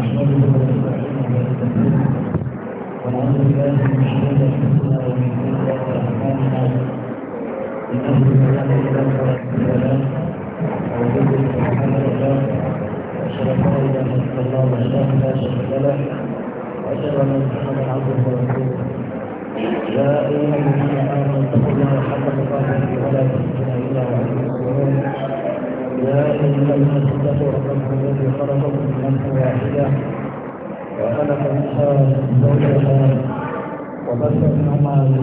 نحمده ونستعينه ونستغفره ونعوذ بالله من شرور انفسنا ومن سيئات اعمالنا انه من يهده الله فلا مضل له ومن يضلل فلا هادي له واشهد ان لا اله الا الله وحده لا شريك له واشهد ان محمدا عبده ورسوله يا ايها الذين امنوا اتقوا الله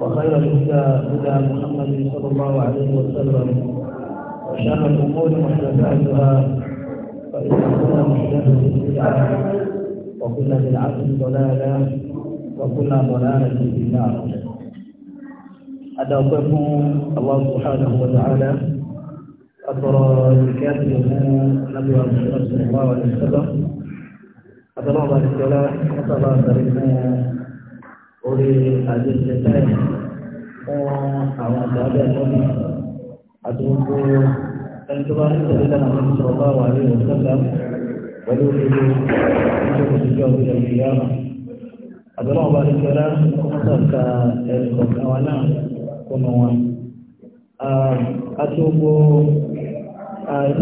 وخير الهدى هدى محمد صلى الله عليه وسلم وشر الأمور محدثاتها فإن كل محدثة بدعة وكل بدعة ضلالة وكل ضلالة في النار أدعوكم الله سبحانه وتعالى أترى الكافر نبي صلى الله عليه وسلم أترى الكلام تعالى أترى orí àjẹsẹ̀tẹ̀ fún àwọn àgbàdo ẹ̀kọ́ni àti gbogbo ẹni tó bá ń tẹ̀lé lánàá fún ìṣòro bá wà ní òṣèlú pẹ̀lú òṣèlú ìṣòro ìṣòro ọ̀gbìn ẹ̀mí yára. àbẹ̀rẹ̀ ọba àdìgbẹ́lá wọ́n sàkà ẹ̀rù kọ̀ọ̀kan wa náà kọ́nà wọn. àti ẹni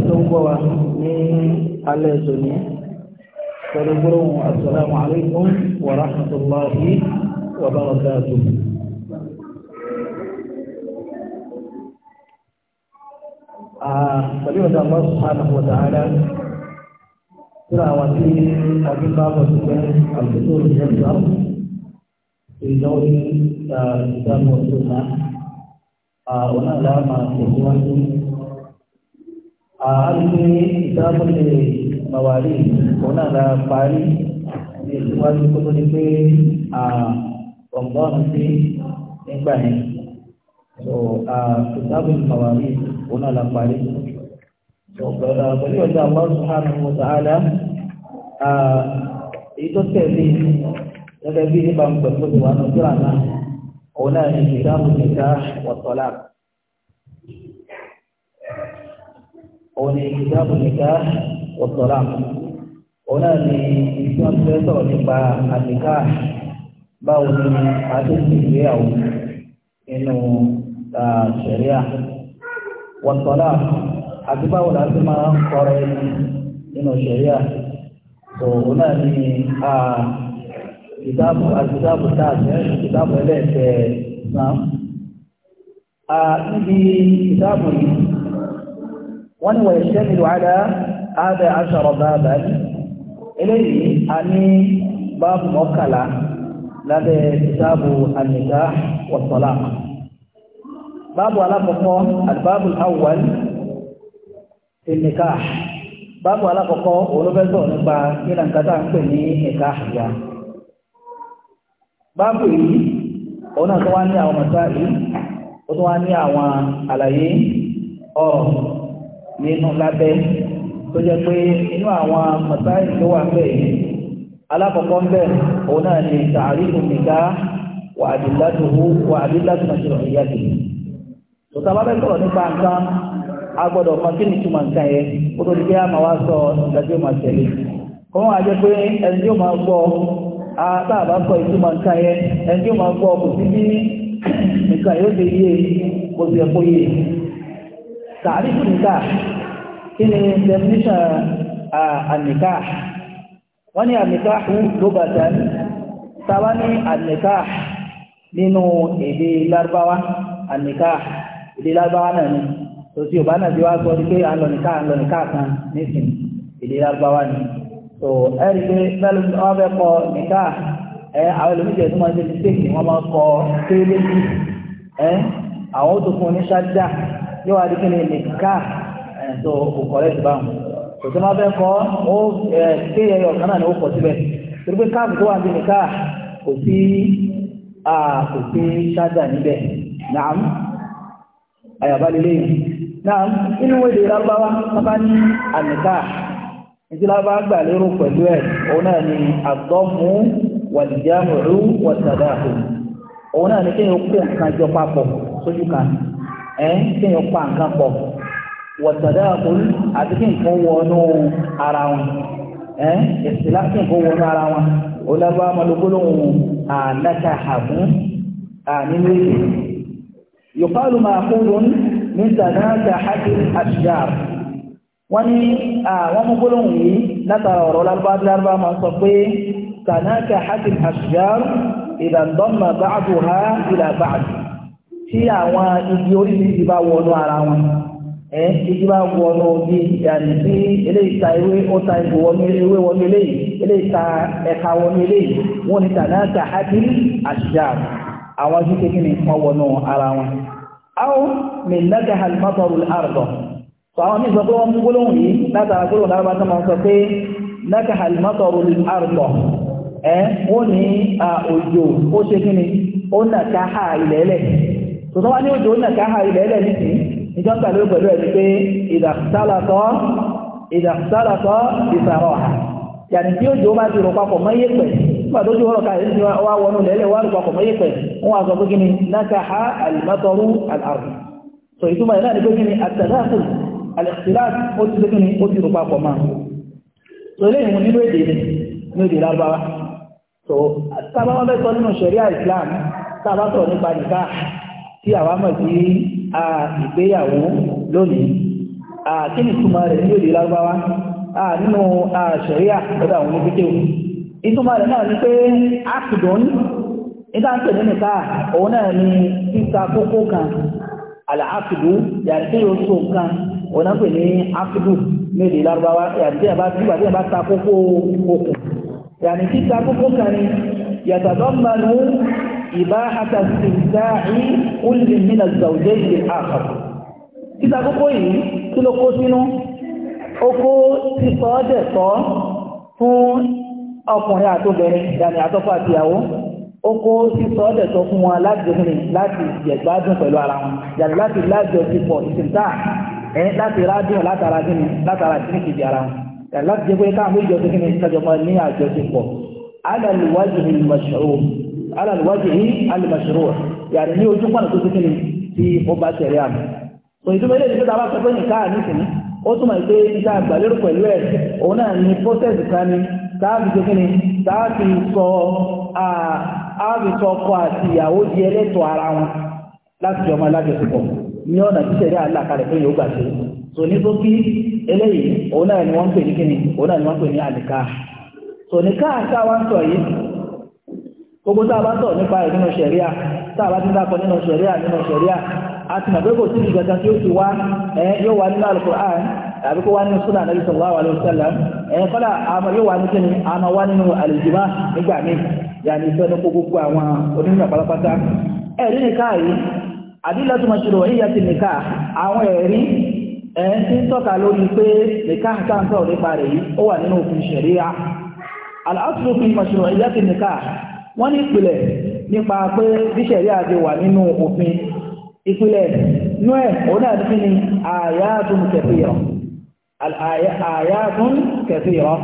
tó ń gbọ́ wa ní alẹ́ ìṣòní pẹ̀lú gbólóhùn assalamu alaikum wa rahmatullahi. وبركاته pẹ̀lú ọ̀dọ̀ àwọn subhanahu wa ta'ala síra àwọn tí ọdún bá bọ̀ sí pé àbúrò ìjọba ìjọba ní ìdáàbò tó ná àwọn aláàmà tẹ̀síwájú. àádùn ní ìdáàbò lè màwárí òun náà parí ìwájú kó tó di pé ọ̀gbọ́n sí nígbà yẹn so kìtàbù ìmọ̀wárí òun náà la parí so pẹ̀lú ọjọ́ àwọn sùhánù mọ̀tàhálà èyí tó tẹ̀lé gẹ́gẹ́ bí nípa pẹ̀lú ìwà nàìjíríà náà òun náà ní kìtàbù nìka wọ̀tọ̀lá òun ní kìtàbù nìka wọ̀tọ̀lá òun náà ní ìfúnṣẹ́ nípa àdìká báwo ni a ti ti ìgbéyàwó nínú ṣẹ̀ríà wọ̀tọ́lá àti báwo la ti máa ń kọ́ra ẹni nínú ṣẹ̀ríà tó o náà ní ìdáàbò àtìdáàbò tá a ti ń ìdáàbò ẹlẹ́ẹ̀kẹ́ náà. níbi ìdáàbò yìí wọ́n ní wọ̀nyí ṣẹ́ nílò àdá àdá aṣọ ọ̀bá bàbá eléyìí a ní báàbù mọ́kànlá lábẹ́ ìdáàbò àmìdá wọ̀tọ̀lá. báàbù alákọ̀ọ́kọ́ àdìbáàbù awwal ìnìká báàbù alákọ̀ọ́kọ́ olóbẹ́sọ̀ nípa nínà kátà ń pè ní ìnìká àyà báàbù yìí òun náà tó wá ní àwọn mọ̀sáàlì ó tó wá ní àwọn àlàyé ọ̀rọ̀ nínú lábẹ́ tó jẹ́ pé inú àwọn mọ̀sáàlì tó wà bẹ́ẹ̀ alákọ̀ọ́kọ́ ń bẹ òun náà ni tààríkù nìkan wà àdìlátòwò wà àdìlátòwò ṣòro ìyá kì í. tòtá bá bẹ́ẹ̀ sọ̀rọ̀ nípa nǹkan a gbọ́dọ̀ mọ kí ni túmọ̀ nǹkan yẹn kó tó di pé a máa wá sọ nǹkan tí ó máa tẹ̀lé. kọ́ wọn àjẹ pé ẹni tí ó máa gbọ́ tá a bá sọ ìtumọ̀ nǹkan yẹn ẹni tí ó máa gbọ́ kò sí bí nǹkan yóò ṣe yé kò sì ẹ̀kọ́ yé. tààríkù nìkan kí ni definition àníkà wọ́n ní àmìtáhù ló bá dání tàbá ní àmìtáhù nínú èdè lárúbáwá àmìtáhù èdè lárúbáwá náà ni tó sí òbá náà ti wá sọ pé àlọ́nìká àlọ́nìká kan nísìn èdè lárúbáwá ni tó ẹ̀rí pé bẹ́ẹ̀ ló wọ́n fẹ́ kọ nìká ẹ àwọn ẹlòmíjẹ tó máa ń ṣe mistake wọ́n máa kọ kéré jù ẹ àwọn ó tó fún oníṣájà yóò wá di kí ni nìká ẹ̀ tó kò kọ́lẹ́tì báwọn. kò tó máa fẹ́ kọ́ ó ké ẹyọ kan náà ni ó kọ síbẹ̀ torí pé káàbù tó wà níbi ká kò sí kò sí ṣáájà níbẹ̀ nàám àyàbá lélẹ́yìn nàám inú wèdè lábáwá sábà ní àmìká ìdílábà gbà lérò pẹ̀lú ẹ̀ ni àgbọ́mú wàlìjáàmùrú wàtàdáàfò òun náà ni kéèyàn kó nǹkan jọ papọ̀ sójú kan kéèyàn wọ̀tàdáàkùn àti kí nǹkan wọnú ara wọn ẹ́n ìsìlá kí nǹkan wọnú ara wọn olábá malogolóhùn àlákà àbún ànínú èdè yòpálù máa kúrò ní tàdáàkà àti àṣìyà wọ́n ní àwọn mọ́gbólóhùn yìí látara ọ̀rọ̀ lárúbá máa sọ pé tàdáàkà àti àṣìyà ìdàndọ́mà báàdù ha ìlà tí àwọn igi orí ti bá wọnú ara wọn ẹ títí bá wọnú bí yàrá sí eléyìí ta ewé ó ta ìbò wọnú ewé wọnú eléyìí eléyìí ta ẹ̀ka wọnú eléyìí wọ́n ní tàdá ta ádìrí àṣìṣà àwọn ojú kékeré wọn wọnú ara wọn. àwọn mìlẹ́gà alimọ́tọ̀rù àrùbọ̀ tó àwọn mí sọ pé wọ́n mú gbólóhùn yìí látara gbólóhùn lára bá máa sọ pé lẹ́gà alimọ́tọ̀rù àrùbọ̀ ẹ wọ́n ní òjò ó ṣe kí ó nà káhà ilẹ̀ ẹlẹ̀ tòtọ́ ní òjò ó nà káhà ilẹ̀ ẹlẹ̀ nísìnyí níjọ́ ń pàlẹ́ pẹ̀lú ẹni pé ìdàkúsálàtọ́ ìdàkúsálàtọ́ ìsàrọ̀ ọ̀hà yàní tí òjò bá ti rò papọ̀ mọ́ yé pẹ̀ nígbà tó ju ọ̀rọ̀ ká yìí wá wọnú lẹ́lẹ̀ wá rò papọ̀ mọ́ yé pẹ̀ wọ́n wá sọ pé kí ni nákàá àlùmọ́tọ́rú àlàrù so ìtumọ̀ ẹ̀ náà ni pé kí ni àtàdáàkù àlẹ́sìláàtì ó ti pé kí ni a ìgbéyàwó lónìí kí ni túmọ̀ rẹ̀ ní èdè lárúbáwá nínú ṣẹ̀ríà lọ́dọ̀ àwọn oníkéwù ìtumọ̀ rẹ̀ náà ni pé ákùdùn ìdáǹtẹ̀ nínú káà òun náà ni títa kókó kan àlàáfìdú yàtí yóò tó nǹkan òun náà pè ní áfìdú ní èdè lárúbáwá yàtí yàbá tí yàbá bá ta kókó okùn yàtí títa kókó kan ni yàtàdọ́ mmanú ìbáhata sìndáì olùdí mìíràn zàwùjẹ́ ìdè àkàr títa kókó yìí kí ló kó sínú ó kó títọ́ dẹ̀tọ́ fún ọkùnrin àtobìnrin ìdàní àtọ́kọ̀ àtìyàwó ó kó títọ́ dẹ̀tọ́ fún wọn láti rìn láti ìjẹ̀gbádùn pẹ̀lú ara wọn yàrá láti lájọ ti pọ̀ ìsìntà ẹ̀ láti rádùn látara gíní látara gíní kìdí ara wọn yàrá láti jẹ́ pé káàmú ìjọ tó kíni ìtajọpọ̀ ní àjọṣepọ̀ alàlùwájú ni mọ̀ṣọ́ على الوجه المشروع يعني ní ojú pọ̀nà tó kékeré tí ó bá tẹ̀lé àmì kò ní túnbọ̀ ilé ìgbésẹ̀ àwọn akẹ́kọ̀ọ́ ní káà nísìnyí ó túnmọ̀ pé iṣẹ́ àgbàlérò pẹ̀lú ẹ̀ òun náà ní prọ́sẹ̀sì kan ní táàbì tó kékeré táàbì sọ ààbì sọ ọkọ àti ìyàwó di ẹlẹ́tọ̀ ara wọn láti jọmọ lájọsìpọ̀ ní ọ̀nà tíṣẹ̀rí àlàkalẹ̀ pé yóò gbà ṣe tò ní tó kí eléyìí òun náà ni wọ́n ń pè ní kíni òun náà ni wọ́n ń pè ní àlìkáà tò ní káà káà wá ń sọ yìí gbogbo tá a bá sọ̀rọ̀ nípa ẹ̀ nínú ṣẹ̀ríà tá a bá ti dákọ̀ nínú ṣẹ̀ríà nínú ṣẹ̀ríà a ti mọ̀ pé kò sí ìgbà kan tí ó ti wá ẹ̀ yóò wá nínú Al-Qur'an àbí kó wá nínú súnà nàbí sallallahu alaihi wasallam ẹ̀ kọ́lá àmọ́ yóò wá ní kíni àmọ́ wá nínú àlèjìmá nígbà míì yàní ìfẹ́ ní gbogbo àwọn onímọ̀ pátápátá ẹ̀rí nìka nikah wọ́n ní ìpìlẹ̀ nípa pé bíṣẹ̀rí àti wà nínú òfin ìpìlẹ̀ inú ẹ̀ òun náà fi ni àyàtún kẹfìyọ̀ àyàtún kẹfìyọ̀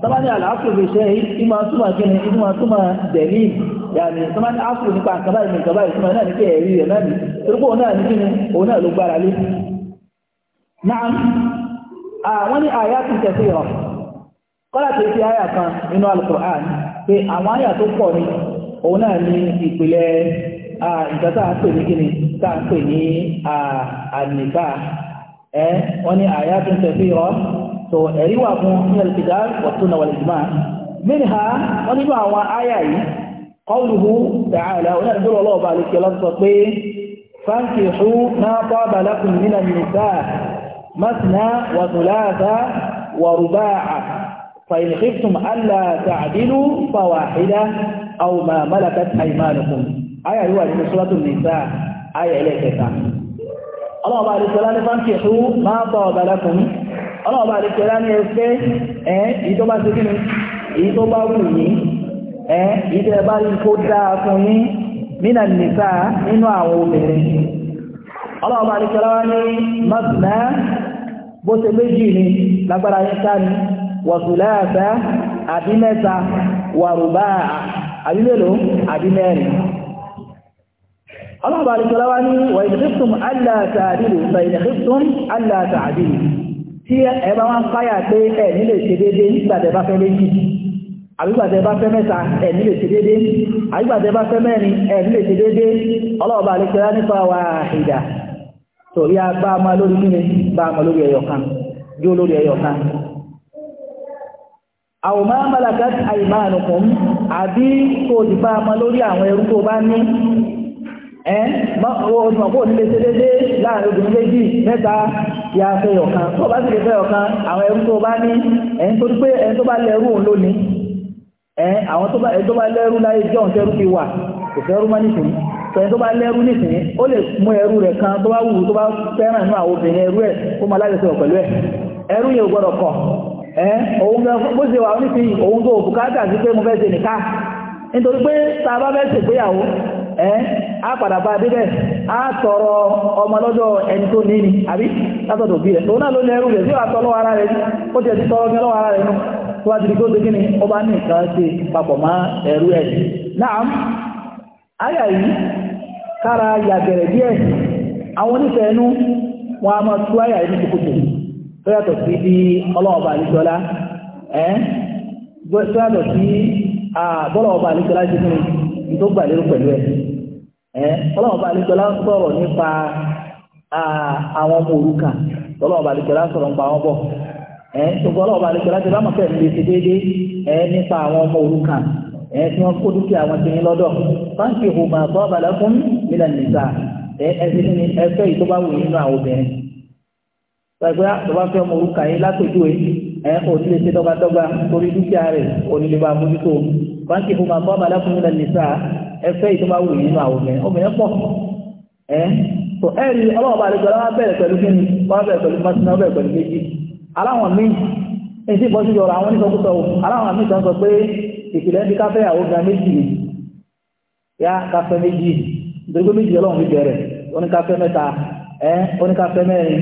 tọ́bá ní àlàáfù fi ṣe ìmọ̀ túnmọ̀ kí ni ìmọ̀ túnmọ̀ dẹ̀lí yàní tọ́bá ní àfù nípa àkàbà ìmọ̀ ìjọba ìtumọ̀ náà ní kí ẹ̀rí pé àwọn àyà tó pọ̀ ní òun náà ní ìpìlẹ̀ nǹkan tá à ń pè ní kíni tá à ń pè ní àníkà ẹ wọ́n ní àyà tó ń tẹ̀sí rọ tó ẹ̀rí wà fún nílẹ̀ ìdá wọ̀tún náà wọlé jùmọ̀ mínà wọ́n nínú àwọn àyà yìí qawluhu ta'ala òun náà ní ọlọ́ọ̀bà àlùkí ọlọ́sọ pé fankihu ma taba lakum minan nisa masna wa thulatha فإن خفتم ألا تعدلوا فواحدة أو ما ملكت أيمانكم آية هو من سورة النساء آية إليك الله بارك لنا فانكحوا ما طاب لكم الله بارك لنا يسكي إيه إيتو بس كنو إيتو باوني إيه إيتو بارك كودا كوني من النساء إنو أعوبرين الله بارك لنا مثنى بوسي بجيني لقرأ يساني wàtúláàtà àbí mẹ́ta wàrùbá àbí mélòó àbí mẹ́rin ọlọ́pàá àríkọlá wá ní wà ìdíkùn aláàtàdìlù bà ìdíkùn aláàtàdìlù tí ẹbá wọ́n fáyà pé ẹ̀ nílè ṣe dédé nígbàtẹ̀ bá fẹ́ méjì àbígbàtẹ̀ bá fẹ́ mẹ́ta ẹ̀ nílè ṣe dédé àbígbàtẹ̀ fẹ́ mẹ́rin ẹ̀ nílè ṣe dédé ọlọ́pàá àríkọlá nípa wà ìdà torí a bá lórí kíni bá ma lórí ẹyọ kan jó lórí ẹyọ kan àwọn máa mọ́lága àìmánukùn àbí kò sì bá ọmọ lórí àwọn ẹrú tó bá ní ẹ́ ọmọkò nílé ṣe dédé láàrin obìnrin méjì mẹ́ta ya fẹ́ ọ̀kan tó bá sì lè fẹ́ ọ̀kan àwọn ẹrú tó bá ní ẹ̀yìn tó pé ẹni tó bá lẹ́rú òun ló ní ẹ́ àwọn tó bá lẹ́rú láyé jọ́ ọ̀tẹ́rú ti wà kò fẹ́rú mọ́ nìkan tọ́yìn tó bá lẹ́rú nìkan ó lè mú ẹrú rẹ̀ kan tó bá wù tó bá fẹ́ràn inú àwọn obìnrin ẹrú ẹ̀ kó máa lájọsọ̀ pẹ̀lú ẹ̀ ẹrú yẹn gbọ́dọ̀ kọ̀ òun gan bó ṣe wà nísìnyí òun tó bùkátà sí pé mo fẹ́ ṣe nìka nítorí pé tá a bá fẹ́ á padà bá á tọrọ ọmọ lọ́dọ̀ ẹni tó ní ni àbí bí rẹ̀ tó náà ló ní ẹrù rẹ̀ sí wà tọ́lọ́ ara rẹ̀ ó ti ẹ̀sí tọrọ lọ́wọ́ ara rẹ̀ tó bá ti ṣe kíni ó bá ní ṣe papọ̀ mọ́ ẹ̀ náà yìí kára yàgẹ̀rẹ̀ díẹ̀ àwọn onífẹ̀ẹ́nu wọn tó yàtọ̀ sí bí ọlọ́ọ̀bà àlejọ́lá ẹ́ tó yàtọ̀ sí bọ́lọ̀ọ̀bà àlejọ́lá ṣe fún mi tó gbà lérò pẹ̀lú ẹ̀ ẹ́ ọlọ́ọ̀bà àlejọ́lá ń sọ̀rọ̀ nípa àwọn ọmọ òrùka ọlọ́ọ̀bà àlejọ́lá sọ̀rọ̀ nípa àwọn bọ̀ ẹ́ ṣùgbọ́n ọlọ́ọ̀bà àlejọ́lá ti bá mọ̀ fẹ́ẹ̀ lè ṣe déédéé ẹ́ nípa àwọn ọmọ òrùka ẹ tí wọn kó dúkìá wọn ti ní lọ́dọ̀ fáńkì hùmà bọ́ọ̀bà lẹ́kùn nílẹ̀ nìta ẹ ẹ ti ní ẹfẹ́ yìí tó nínú àwọn obìnrin pẹ̀lú àtọ́bá fẹ́ mọ orúkà yín látòjúwe ẹ̀ onílé ṣe dọ́gbadọ́gba torí dúkìá rẹ̀ onílé bá mójútó báńkì fún bàbá ọmọ aláfúnni lẹ́nu nìsa ẹ fẹ́ ìtọ́ba wù nínú àwọn obìnrin obìnrin pọ̀ ẹ̀ tó ẹ̀ rí ọlọ́wọ́ bá àlejò aláwọ̀ bẹ̀rẹ̀ pẹ̀lú kí ni wọ́n bẹ̀rẹ̀ pẹ̀lú mọ́sánná bẹ̀rẹ̀ pẹ̀lú méjì aláwọ̀ míì ní ti bọ́sí yọrọ àwọn oníṣọ́kúsọ aláwọ̀ míì kan sọ pé ìpìlẹ̀ ní káfẹ́ àwọn obìnrin méjì yá káfẹ́ méjì nítorí pé méjì ọlọ́run fi bẹ̀rẹ̀ oníkáfẹ́ mẹ́ta ẹ́ oníkáfẹ́ mẹ́rin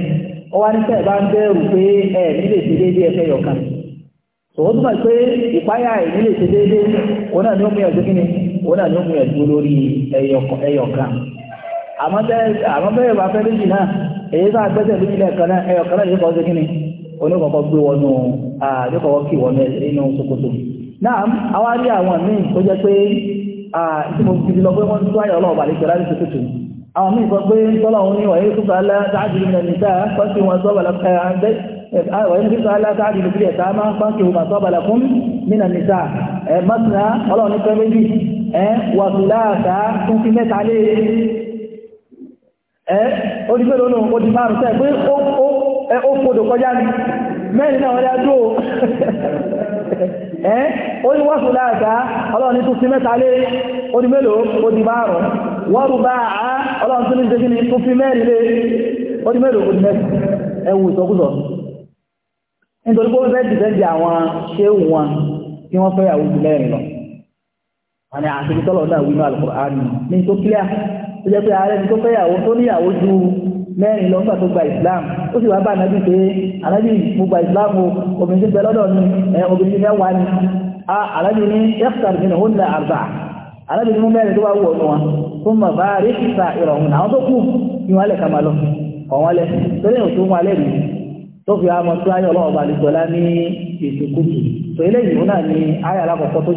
ó wá ní sẹ́ẹ̀ bá ń bẹ̀rù pé ẹ̀ nílé ṣe déédéé ẹ̀fẹ́ yọ̀kan òun túmọ̀ pé ìpáyà ìnílé ṣe déédéé òun náà ni ó mú ẹ̀dùn kíni òun náà ni ó mú ẹ̀dùn lórí ẹ̀yọ̀kan àmọ́ bẹ́ẹ̀ bá fẹ́ méjì náà èyí sáà gbẹ́sẹ̀ náà ẹ̀yọ̀kan náà yóò kọ́ oníkọ̀ọ́kọ́ gbé wọnú inú náà àwọn míì tó jẹ́ àwọn míì sọ pé tọ́lọ̀ òun ní wàyé kúta aláàtàájì ilẹ̀ nìta pọ́nkì wọn sọ́bàlá wàyé kúta aláàtàájì ilẹ̀ ta máa ń pọ́nkì wọn sọ́bàlá fún nínà nìta ẹ mọ́tìlá ọlọ́run ní pẹ́ méjì ẹ wàtúláàtà tún fi mẹ́ta lé ẹ ó di mélòó náà ó di márùn sẹ́ pé ó kodò kọjá ni mẹ́rin náà wọ́n yá dúró ẹ́ ó ní wọ́sùn láàtà ọlọ́run ní tún sí mẹ́ta lé wọ́rù bá a ọlọ́run tún ní ṣe kíni tún fi mẹ́rin lé mélòó di ẹwù ìsọkúsọ nítorí pé fẹ́ dìbẹ́ndì àwọn kí wọn mẹ́rin lọ nígbà tó gba islam ó sì wáá bá anabi pé anabi mo gba islam o obìnrin ti bẹ lọ́dọ̀ mi ẹ obìnrin ti fẹ́ wá ni a anabi ní ẹ́fṣàr mi náà ó lẹ àrùbà anabi ní mo mẹ́rin tó wá wù ọ̀nù wọn fún mà bá rí sa ìrọ̀rùn àwọn tó kù ni wọ́n lẹ̀ kà máa lọ ọ̀wọ́n lẹ̀ torí ò tó wọn alẹ́ mi tó fi àmọ́ tó ayé ọlọ́run bá lè sọlá ní ní ayé alákọ̀ọ́kọ́ tó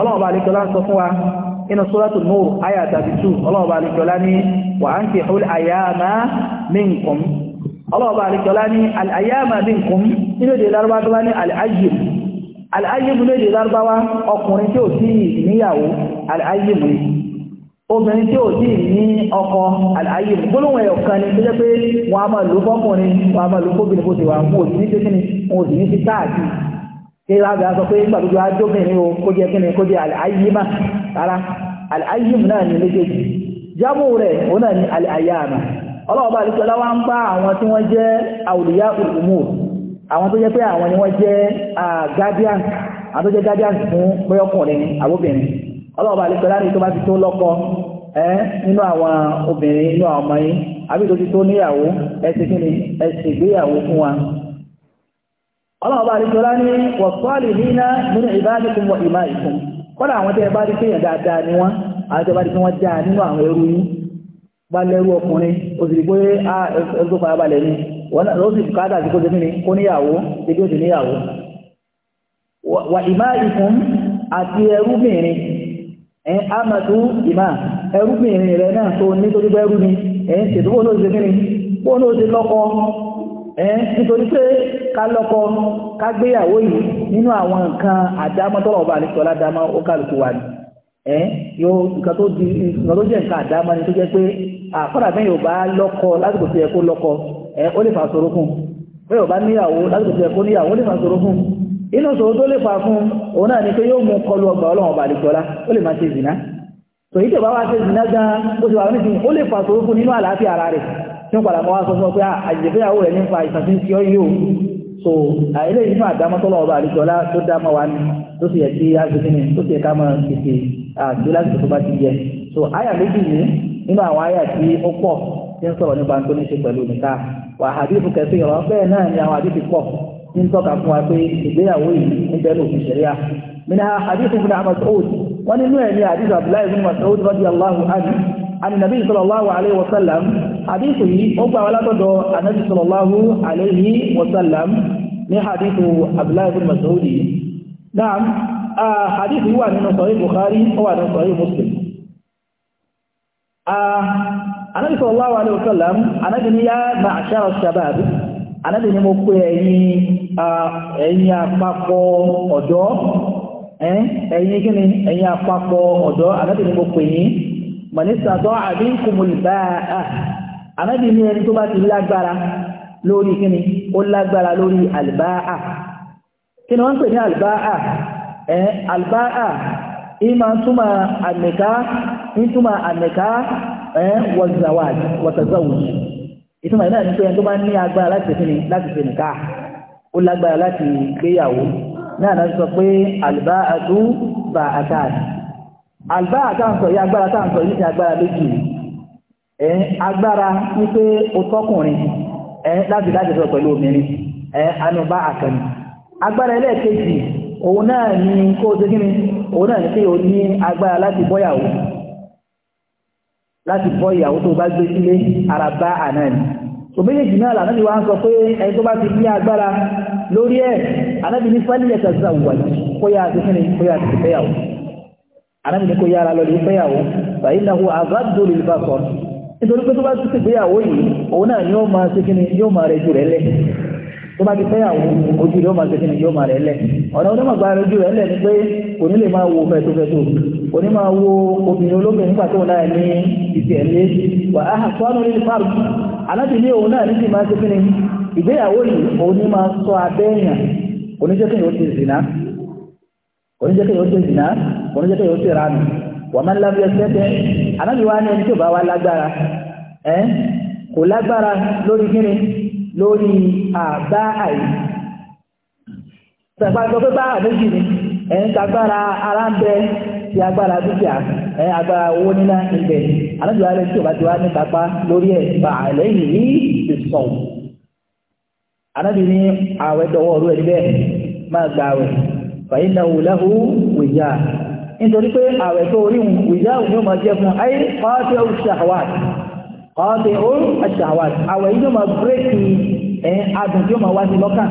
ọlọ́run bá lè sọlá sọ fún wa inú sóràtù Nur àyà tàbí tù ọlọ́ọ̀bà àlejòlá ní wà á ń kì hul àyàmá minkum ọlọ́ọ̀bà àlejòlá ní àyàmá minkum nínú èdè lárúbá tó bá ní àlàyìm àlàyìm nínú èdè lárúbá wa ọkùnrin tí ò sí ìníyàwó àlàyìm ni obìnrin tí ò sí ní ọkọ àlàyìm gbólóhùn ẹ̀yọ̀ kan ni tó jẹ́ pé wọ́n á máa lò fọ́kùnrin wọ́n á máa lò fóbìnrin bó ti wà wọn ò sí ní kéwàá àgbà sọ pé gbàdúgbò ajóbìnrin o kó jẹ́ kíni kó jẹ́ àlàyémà rárá àlàyémù náà ní méjèèjì jámù rẹ̀ òun náà ní àlàyéàmà ọlọ́ọ̀bá àlùsọ̀lá wá ń bá àwọn tí wọ́n jẹ́ àwùlíyá òmù àwọn tó jẹ́ pé àwọn ni wọ́n jẹ́ guardian àwọn tó jẹ́ guardian fún àbóbìnrin ọlọ́ọ̀bá tó bá ti tó lọ́kọ nínú àwọn obìnrin àwọn ọmọ yìí àbí tó ti tó níyàwó ọlọ́run bá àríjọlá ní wọ̀sọ́ọ̀lì nínà nínú ìbáàdìkún wọ ìmá ìkún kọ́lá àwọn tẹ́ bá rí kéèyàn dáadáa ni wọ́n àwọn tẹ́ bá rí kí wọ́n dáa nínú àwọn ẹrú yín bá lẹ́rú ọkùnrin ó sì rí pé a ẹrú tó fara balẹ̀ ni wọ́n náà ẹ̀ nítorí pé ká lọ́kọ ká gbéyàwó yìí nínú àwọn nǹkan àdámọ́tọ́rọ̀ ọba àlẹ́sọ́lá dámọ́ ó kálukú wa ni ẹ̀ yóò nǹkan tó di nǹkan tó jẹ́ nǹkan àdámọ́ ni tó jẹ́ pé àkọ́dà bẹ́ẹ̀ yóò bá lọ́kọ lásìkò tó yẹ kó lọ́kọ ẹ̀ ó lè fà sọ̀rọ̀ fún bẹ́ẹ̀ yóò bá níyàwó lásìkò kó ni pé yóò mú kọlu ọgbà ọlọ́run ọba àlẹ́sọ́lá ó lè máa ṣe zìnà tòyí bá wá ṣe zìnà gan ti wà nísìnyí ó lè fà fún nínú tí wọ́n padà mọ́ wá sọ fún ọ pé ah, àjẹfẹ́yàwó rẹ̀ nípa ìsànsí tí ó yíò so àìlè yìí fún àdámọ́tọ́lọ́ ọba àdìsọ́lá tó dámọ́ wa ní tó sì yẹ kí azùkínì tó sì yẹ ká mọ́ tètè àti lásìkò tó bá ti yẹ so àyà méjì ní nínú àwọn àyà tí ó pọ̀ tí ń sọ̀rọ̀ nípa tó ní ṣe pẹ̀lú nìka wà àdìsù kẹsì ọ̀rọ̀ bẹ́ẹ̀ náà ni àwọn àdìsù pọ̀ tí ń tọ́ka fún wa pé ìgbéyàwó yìí ń bẹ́ẹ̀ lòfin fún Mas'ud النبي صلى الله عليه وسلم حديثه أبا ولا تدو النبي صلى الله عليه وسلم من حديث عبد الله نعم آه حديث هو من صحيح البخاري هو من صحيح مسلم آه النبي صلى الله عليه وسلم أنا بنيا معشر الشباب أنا بني مكوي أي إني أفاقو أدو أي إني كني إني أفاقو أدو أنا بني مكوي mọ̀nísà tó àbínkùmùl bá a ànábì ní ẹni tó bá ti lágbára lórí kíni ó lágbára lórí àlbáà kí ni wọ́n ń pè ní àlbáà ẹ̀ àlbáà ìmá túmọ̀ àmìká ìtumọ̀ àmìká ẹ̀ wọ̀zàwàd wọ̀tàzàwùj ìtumọ̀ náà ní pé ẹni tó bá agbára táǹsọ̀ yí agbára táǹsọ̀ yí ti agbára méjì ẹ̀yìn agbára wípé o tọ́kùnrin láti láti sọ pẹ̀lú obìnrin anúbá àkànì agbára ẹlẹ́ẹ̀kejì òun náà ni kó o tẹ́kí ni òun náà ni pé o ní agbára láti bọ́yàwó láti bọ́yàwó tó bá gbé sílé ara bá àná ni òbílẹ̀jì náà lànà ni wọ́n sọ pé ẹni tó bá ti ní agbára lórí ẹ̀ àti àti anábì ní kó yára lọ lè fẹ́yàwó báyìí náà wọ àbádò lè bá sọ nítorí pé tó bá ti gbéyàwó yìí òun náà ni ó máa ṣe kí ni yóò máa rẹ jù rẹ lẹ tó bá ti fẹ́yàwó ojú rẹ ó máa ṣe kí ni yóò máa rẹ lẹ ọ̀nà onímọ̀ gba ojú rẹ lẹ ni pé òní lè máa wo fẹ́tofẹ́to òní máa wo obìnrin olóbìnrin nígbà tóun náà ní ìtì ẹ̀lẹ́ wà á sọ ọ́nà orí fáàrù anábì ní òun náà ní ti máa ṣe kí ni ìgbéyàwó yìí òun ní máa sọ abẹ́yàn oníjẹ́kẹ́yìn ti zìnà oníjẹ́ kéèyàn ó ṣe ìdìnnà oníjẹ́ kéèyàn ó ṣe ìranù wọ́n máa ń lábẹ́ ẹsẹ̀ anábì wa ní ẹni tó bá wa lágbára ẹ kò lágbára lórí kíni lórí àbá àyè sàgbà sọ pé bá àméjì ni ẹ̀ ń tagbára ara ń bẹ ti agbára dúkìá ẹ̀ agbára owó níná ibẹ̀ anábì wa ní ẹni tó bá ti wá ní kápá lórí ẹ̀ bá àlẹ́yìn ní ìsọ̀wọ̀ anábì ní àwẹ̀ dọwọ́ ọ̀rú ẹ̀ níbẹ̀ máa gba àwẹ̀ fàyínà òlàhù wìjà nítorí pé àwẹ̀ tó rí wìjà òní ó máa jẹ́ fún ayé kọ́ọ̀tì ó ṣàwàt kọ́ọ̀tì ó ṣàwàt àwẹ̀ yìí ló máa bírèkì ẹ̀ adùn tí ó máa wá sí lọ́kàn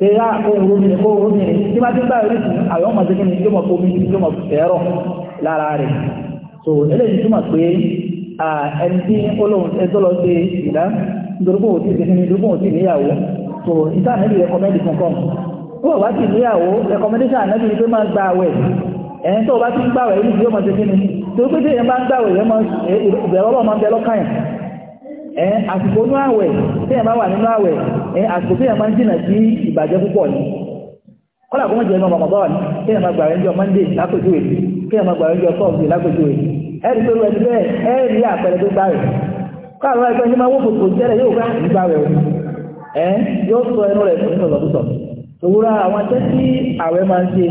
tẹ́yà ohun obìnrin ohun obìnrin tí bá ti ń báyìí orísun àwọn ọmọ tó kíni tí ó tí ó mọ̀ tó o bá sì níyàwó recommendation ànábì ni pé máa gba àwẹ̀ ẹ̀yìn tó o bá ti ń gbàwẹ̀ yìí yóò máa ṣe kí ni tó pé tí èèyàn bá ń gbàwẹ̀ yẹn máa ìbẹ̀rù ọlọ́ọ̀ máa ń bẹ lọ́kàn yẹn ẹ̀yìn àsìkò inú àwẹ̀ tí èèyàn bá wà nínú àwẹ̀ ẹ̀yìn àsìkò tí èèyàn máa ń jìnà sí ìbàjẹ́ púpọ̀ ni kọ́lá kó mọ̀ jẹ́ ọmọ bàbá ni kí ẹ̀ máa gbàwẹ̀ ńjọ Monday lápèjúwe kí ẹ̀ máa gbàwẹ̀ ńjọ Thursday lápèjúwe ẹ̀rí pé wẹ́n bẹ́ẹ̀ ẹ̀rí àpẹẹrẹ tó gbà rẹ̀ káàrọ̀ ẹgbẹ́ ní máa wó fòfò tẹ́lẹ̀ yóò gbà nígbà rẹ̀ ẹ̀ yóò sọ ẹnu rẹ̀ fún ìsọ̀lọ́tọ̀ òwúrọ̀ àwọn tẹ́ tí àwẹ̀ máa ń ṣe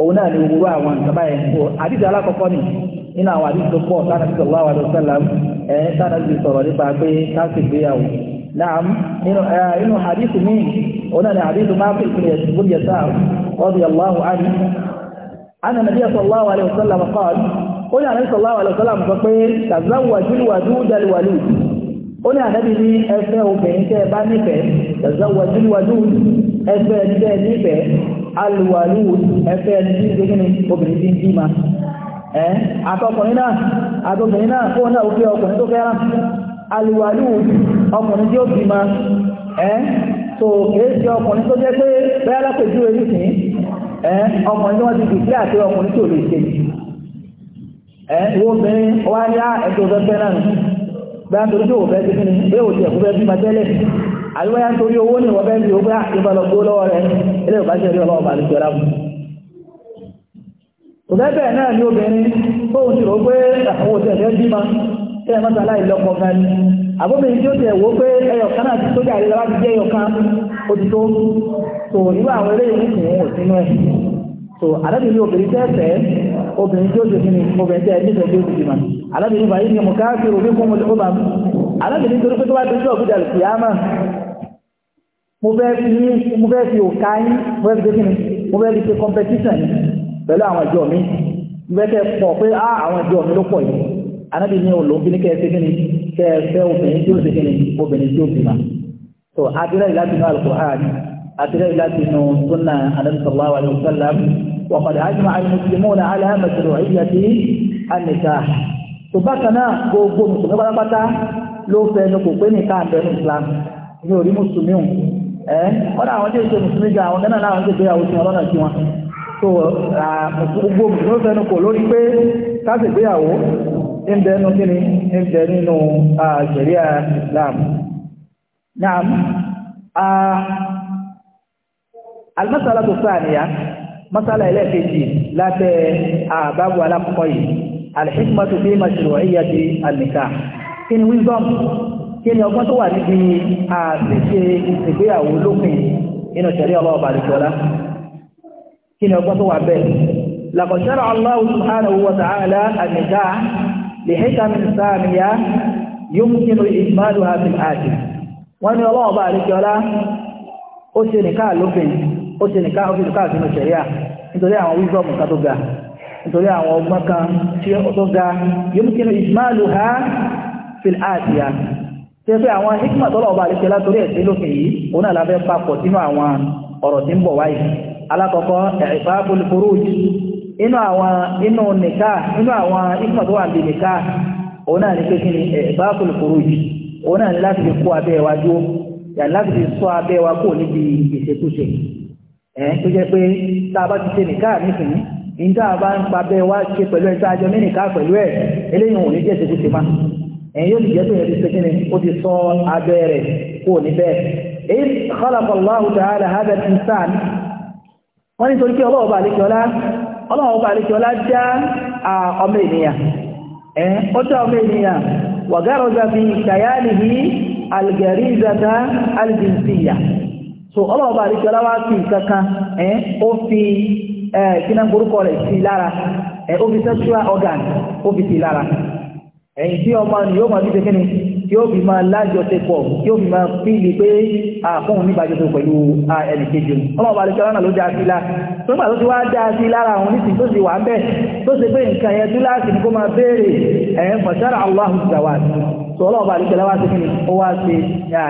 òun náà ni òwúrọ̀ àwọn ìjọba ẹ̀ ń kó àdìsí alákọ̀ọ́kọ́ nì nínú àwọn àdìsí tó pọ̀ sáà nàbí sọ̀rọ̀ àwọn ọ̀sẹ̀lá ẹ̀ sáà nàbí sọ̀rọ̀ nípa pé káàsì ìgbéyàwó náà nínú àdìsí míì òun náà ni àdìsí máa fi ìpínlẹ̀ ìbúlì ẹ̀sà ọ̀dì aláhu àdì أن النبي صلى الله عليه وسلم قال قل النبي صلى الله عليه وسلم فقير تزوج الودود الولود ó ní ànábì ní ẹfẹ́ obìnrin tẹ́ ẹ bá nífẹ̀ẹ́ ẹ̀sẹ̀ wàjúwàjú ẹfẹ́ ẹni tẹ́ ẹ nífẹ̀ẹ́ alùwàlù ẹfẹ́ ẹni tí ń gbé kíni obìnrin tí ń bí ma ẹ́ àtọkùnrin náà àtọkùnrin náà kó náà ó fẹ́ ọkùnrin tó fẹ́ràn alùwàlù ọkùnrin tí ó bí ma ẹ́ tó èsì ọkùnrin tó jẹ́ pé bẹ́ẹ̀ alápèjú rẹ̀ nìsín ẹ́ ọkùnrin tí wọ́n ti dìgbì àti ọkùnrin tí lè ṣe ẹ́ wo obìnrin wá ẹ̀tọ́ fẹ́fẹ́ náà bẹ́ẹ̀ torí tí òfẹ́ ti fi ni pé òtí ẹ̀kú fẹ́ bímọ tẹ́lẹ̀ àyíwáyá torí owó ní ìwọ̀n fẹ́ bí owó ìbálòpọ̀ ah, lọ́wọ́ rẹ̀ ilé ìbá ṣe rí ọlọ́wọ́ bá lè jọra mu. òfẹ́ bẹ́ẹ̀ náà ní obìnrin tóun ti rò pé àwọn ah, òtí ẹ̀fẹ́ bímọ tẹ́ ẹ mọ́ta aláìlọ́pọ̀ gan ni àbóbìnrin tí ó tẹ̀ wó pé ẹyọ̀kan náà ti sójà àríwá ti jẹ́ ẹyọ̀kan ó ti tó tò irú àwọn eléyìí nìkan ò sínú ẹ̀ tò àdábìnrin obìnrin tẹ́ ẹ̀fẹ́ obìnrin tí ó ti fi ni obìnrin tẹ́ ẹ̀ nífẹ̀ẹ́ tí ó ti bímọ alábìnrin fàyí ni mùkáfíìrù bí fún mùsùlùmá alábìnrin torí pé tó bá dojú ọ̀gbìn dàlù kìyàmà mo fẹ́ fi mo fẹ́ fi òkà yín mo fẹ́ fi dékìní mo fẹ́ fi ṣe competition pẹ̀lú àwọn ìjọ mi mo fẹ́ kẹ́ pọ̀ pé á àwọn ìjọ mi ló pọ̀ yìí alábìnrin olóńgbìn ní kẹ́ẹ̀ sékìní kẹ́ẹ̀ fẹ́ obìnrin tí ó sékìní obìnrin tí ó bìmá so adúlẹ̀ ìlàbìnú al-Qur'an adúlẹ̀ ìlàbìnú sunna anabi sallallahu alayhi wa sallam wa qad ajma'a al-muslimuna tó bákan náà gbogbo mùsùlùmí pátápátá ló fẹnu kò pé nìkan àtẹnu islam ní orí mùsùlùmí hùn ẹ ọ̀dà àwọn tí ó ṣe mùsùlùmí gan àwọn náà láwọn tó gbé àwọn tí wọn lọ́nà sí wọn tó gbogbo mùsùlùmí fẹnu kò lórí pé káṣí ìgbéyàwó ń bẹ nínú kíni ń bẹ nínú àṣẹríà islam. naam almasala tó sáà nìyà masala ẹlẹ́ẹ̀kejì lábẹ́ àbábọ̀ alákọ̀ọ́ yìí alhikmatu fi mashru'iyyati an-nikah kí ni wisdom kí ni ọgbọ́n tó wà níbi àṣìṣe ìgbéyàwó lópin inú ṣẹ̀rí ọlọ́wọ́ bàrìkọ́lá kí ni ọgbọ́n tó wà bẹ́ẹ̀ laqad shara'a Allahu subhanahu wa ta'ala an-nikah li hikamin samiya yumkinu ijmaluha fil aati wọ́n ni ọlọ́wọ́ bàrìkọ́lá ó ṣe nìkáà lópin ó ṣe wisdom kan nítorí àwọn ọgbọ́n kan tí ó tó ga yóò kí ní ìsmáàlù ha fil àdìyà tí ó pé àwọn hikma tọ́lọ̀ ọba àríkẹ́ látorí ẹ̀sẹ̀ lókè yìí òun náà lábẹ́ papọ̀ sínú àwọn ọ̀rọ̀ tí ń bọ̀ wáyé alákọ̀ọ́kọ́ i'faful furuj inú àwọn inú nìká inú àwọn hikma tó wà ní nìká òun náà ní níta bá ń pa bẹ́ẹ̀ wá ṣe pẹ̀lú ẹ̀ sáájọ́ mí nìka pẹ̀lú ẹ̀ eléyìí òun ní jẹ́ ṣe kúṣe máa ẹ̀yìn yóò jẹ́ tó yẹ ti sẹ́kìnì ó ti sọ abẹ́ rẹ̀ kó ní bẹ́ẹ̀ èyí khalaqallahu ta'ala hadha al-insan wọ́n ní torí pé ọlọ́wọ́ bá àlékiọlá ọlọ́wọ́ bá àlékiọlá já ọmọ ènìyàn ẹ̀ ó já ọmọ ènìyàn wa garaza fi kayalihi al-garizata al-jinsiyya so ọlọ́wọ́ bá àlékiọlá wá fi kankan ẹ̀ ó fi kíná gbórúkọ rẹ̀ sí lára ó fi sexual organ ó fi sí lára ẹ̀yìn tí ọmọ ni yóò máa fi tẹ́kẹ́ni tí ó fi máa lájọṣepọ̀ tí ó fi máa fíìlì pé àfọ́hùn níbàjọṣepọ̀ pẹ̀lú ẹnìkejì òun ọmọ ọba àlejò ọlọ́nà ló dáa sí lára tó ń gbà tó ti wá dáa sí lára àwọn oníṣìí tó sì wà ń bẹ̀ tó ṣe pé nǹkan yẹn tú láti kó máa béèrè ẹ̀yìn fọ̀ṣára Allahu zawad tó ọlọ́ọ̀bà àlejò ọlọ́wà sí kíni ó wá ṣe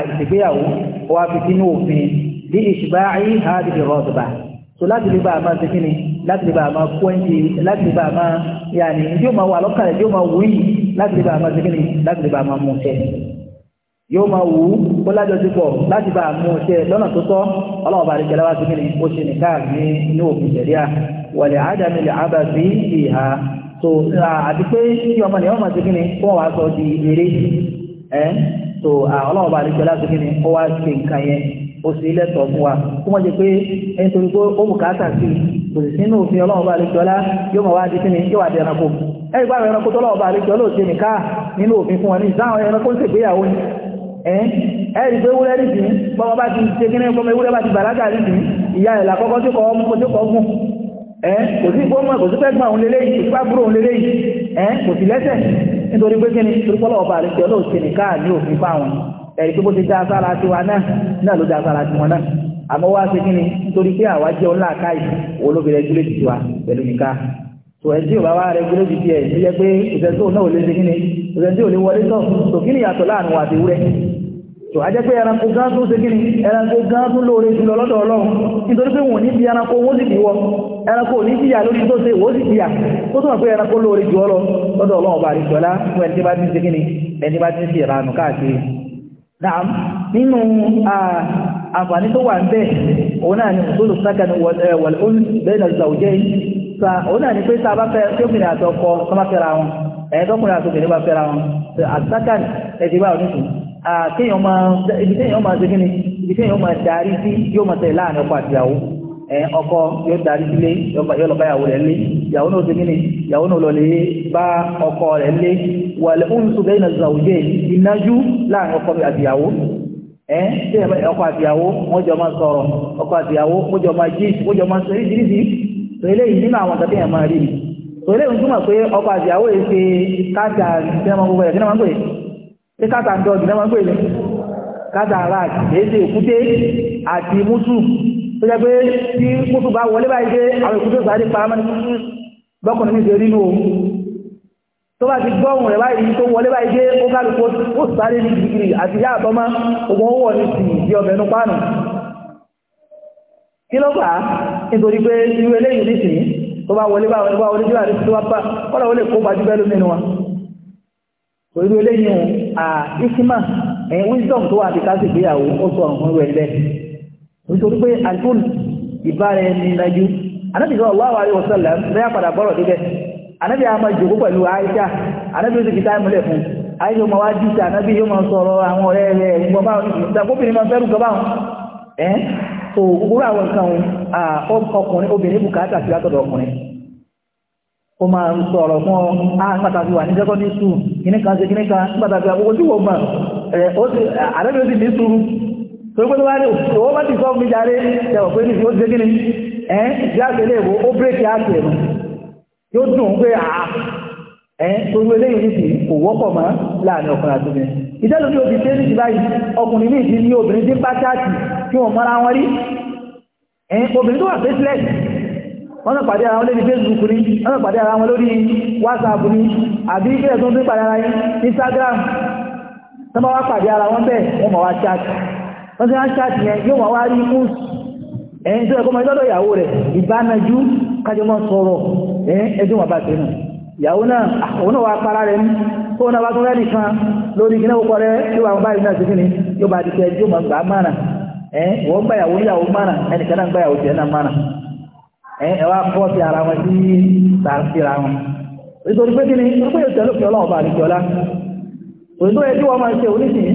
ìṣègbéyàwó ó wá fi sínú òfin bí ìṣùbáyé so láti lè bá a máa ṣe kí ni láti lè bá a máa kó ẹ̀ǹdì láti lè bá a máa yàní yóò máa wà lọ́kàn rẹ̀ yóò máa wù yìí láti lè bá a máa ṣe kí ni láti lè bá a máa mú ṣẹ yóò máa wù ú kó lájọṣepọ̀ láti bá a mú ṣẹ lọ́nà tó tọ́ ọlọ́run bá a kẹlẹ́ wá sí kí ni ó ṣe nìkan ní inú òfin ṣẹ̀ríà wàlẹ̀ ádámì lè ábà sí ìhà so àti pé kí ọmọ nìyẹn máa ṣe ni kó wàá sọ di eré ẹ so ọlọ́run bá rí kẹlẹ́ wá sí kí ni ó wá ṣe nǹkan yẹn ó sì lẹ́tọ̀ọ́ wa kó wọ́n jẹ pé ẹni torí pé ó bùkátà sí kò sì sínú òfin ọlọ́run bá yóò mọ̀ wá di kíni yóò wá di ẹranko ẹni bá ẹranko tó lọ́wọ́ bá àlejò ọlá òsè nìka nínú òfin fún wọn ní ìsáwọn ẹranko ń ṣègbéyàwó ni ẹ̀rì pé ewúrẹ́ nìsí bọ́mọ bá ti ṣe kíní bọ́mọ ewúrẹ́ bá ti bàlágà nìsí ìyá ẹ̀ làkọ́kọ́ tí kọ́ ọmọ kò ẹ̀rí pé bó ti dá sára tiwa náà náà ló dá sára tiwọn náà àmọ́ wá sí kíni nítorí pé àwa jẹ́ ọ̀la káyì olóbìnrin ẹgbẹ́ ti wa pẹ̀lú nìka tò ẹ tí ò bá wá rẹ gbọ́dọ̀ ti tiẹ̀ ẹ jẹ́ pé ìfẹ́sọ̀ náà ò lè ṣe kíni ìfẹ́sọ̀ ò lè wọlé tọ̀ tò kíni yàtọ̀ láàrin wa àti wúrẹ́ tò á jẹ́ pé ẹranko gán tún ṣe kíni ẹranko gán tún lóore jù lọ lọ́dọ̀ ọlọ́run nítorí pé wọn ò ní fi ẹranko wọn sì fi wọ ẹranko ò ní fìyà lórí tó ṣe wọ́n sì fìyà tó túnmọ̀ pé ẹranko lóore jù ọ lọ lọ́dọ̀ ọlọ́run ọba àríṣọlá fún ẹni tí bá ti ń ṣe kíni ẹni bá ti ń ṣe ìranù káàkiri Naam nínú àǹfààní tó wà ń bẹ̀ òun náà ni òṣòlù sákà ní wọ̀lún bẹ́ẹ̀nà ìzàwùjẹ́ sa òun náà ni pé sa bá fẹ́ tí ó mìíràn àti ọkọ tó bá fẹ́ra wọn ẹ̀yẹ́ tó mìíràn àti obìnrin bá fẹ́ra wọn àtàkà ẹ̀dì bá òní sùn ibi téèyàn máa ṣe kí ni ibi téèyàn máa darí sí yóò máa tẹ̀ láàrin ọkọ àtìyàwó ọkọ yóò darí sílé yóò lọ bá ìyàwó rẹ̀ lé ìyàwó náà ti kíni ìyàwó náà lọ lè bá ọkọ rẹ̀ lé wàlẹ̀ oúnjẹ bẹ́ẹ̀ náà zàwùjẹ́ ìnájú láàrin ọkọ àti ìyàwó ẹ ṣé ọkọ àti ìyàwó wọ́n jọ máa sọ̀rọ̀ ọkọ àti ìyàwó wọ́n jọ máa jí wọ́n jọ máa sọ oríṣiríṣi tòlẹ́ yìí nínú àwọn kàtẹ́yàn máa rí tòlẹ́ yìí túmọ̀ pé ọkọ àti ìyàwó yìí ṣe káàtà tó jẹ́ pé tí kútù bá wọlé báyìí dé àwọn ìkútù ìsàdé paramọ́ bọ́kùnrin ní ìṣẹ́rí nù ohun tó bá ti gbọ́hùn rẹ̀ báyìí tó wọlé báyìí dé ó kárí kó sáré ní gírí àti yá àtọ́mọ́ ogun owó ní sí ìdí ọbẹ̀ nú pánù kí ló fà á nítorí pé irú eléyìí ní sìn tó bá wọlé báwọn ìbá wọlé jù àti tó bá bá kọ́lọ̀ ó lè kó gbajú bẹ́lú nínú wa kò irú eléyìí à ìsímà ẹ̀yìn wisdom tó wà àti káṣì ìgbéyàwó ó sọ ọ̀rùn fún irú nítorí pé alkul ìbára ẹni lajú anábì sallallahu alaihi wasallam bẹ́ẹ̀ padà bọ́rọ̀ débẹ̀ anábì a máa jòkó pẹ̀lú Àìṣà anábì ó sì kìtà múlẹ̀ fún Àìṣà ọmọ wá jíta anábì yóò máa sọ̀rọ̀ àwọn ọ̀rẹ́ rẹ̀ ìgbọ̀n báwọn ìgbàkóbìnrin máa fẹ́rù gọbáwọn ẹ́ so gbogbo àwọn nǹkan ọkùnrin obìnrin bùkátà sí látọ̀dọ̀ ọkùnrin ó máa ń sọ̀rọ̀ fún ọ nígbàtà fi wà ní sẹ́kọ́ndì sùn kìnnìkan ṣe kìnnìkan nígbàtà fi àwọn ojú wọ̀ gbọ̀n rẹ̀ àrẹ́bẹ̀rẹ̀ sì ní sùúrù torípé tó bá ní òwò bá ti sọ mi jáde tẹ̀wọ̀ pé nífi ó ti gíní ẹ́ ìjáde léèwò ó bírèkì áàkì ẹ̀rù yóò dùn pé àá ẹ́ torípé léyìn nífi kò wọ́pọ̀ mọ́ láàrin ọkùnrin àti obìnrin ìjẹ́lu bí obìnrin tẹ́lẹ̀ ti báyìí ọkùnrin ní ìdí ní obìnrin tí ń bá ṣáàtì kí wọ́n mọ́ra wọn rí tó wà faceless wọ́n náà pàdé ara wọn lórí Facebook ní wọ́n náà pàdé ara wọn lórí WhatsApp ní àbí ìgbésẹ̀ tó ń pàdé ara yín Instagram tó bá wá pàdé ara wọn bẹ́ẹ̀ wọ́n mọ̀ wá ṣáàtì wọ́n tí wọ́n ṣáàtì yẹn yóò wà wá rí kúùs ẹ̀yìn tó ẹ̀kọ́ mọ́ ìlọ́dọ̀ ìyàwó rẹ̀ ìbánajú kájọmọ́ sọ̀rọ̀ ẹ̀ẹ́dùn wà bá ìyàwó náà àwọn náà wà para rẹ̀ mú kó náà wá tún rẹ́nì kan lórí iná kọ́kọ́ rẹ̀ yóò àwọn báyìí náà sífìní yóò bá dìtẹ̀ yóò mọ̀ gbà mánà ẹ̀ wọ́n gbà ìyàwó ìyàwó mánà ẹnìkan náà gbà ìyàwó tiẹ̀ náà mánà ẹ̀ ẹ̀ wá fọ́ sí ara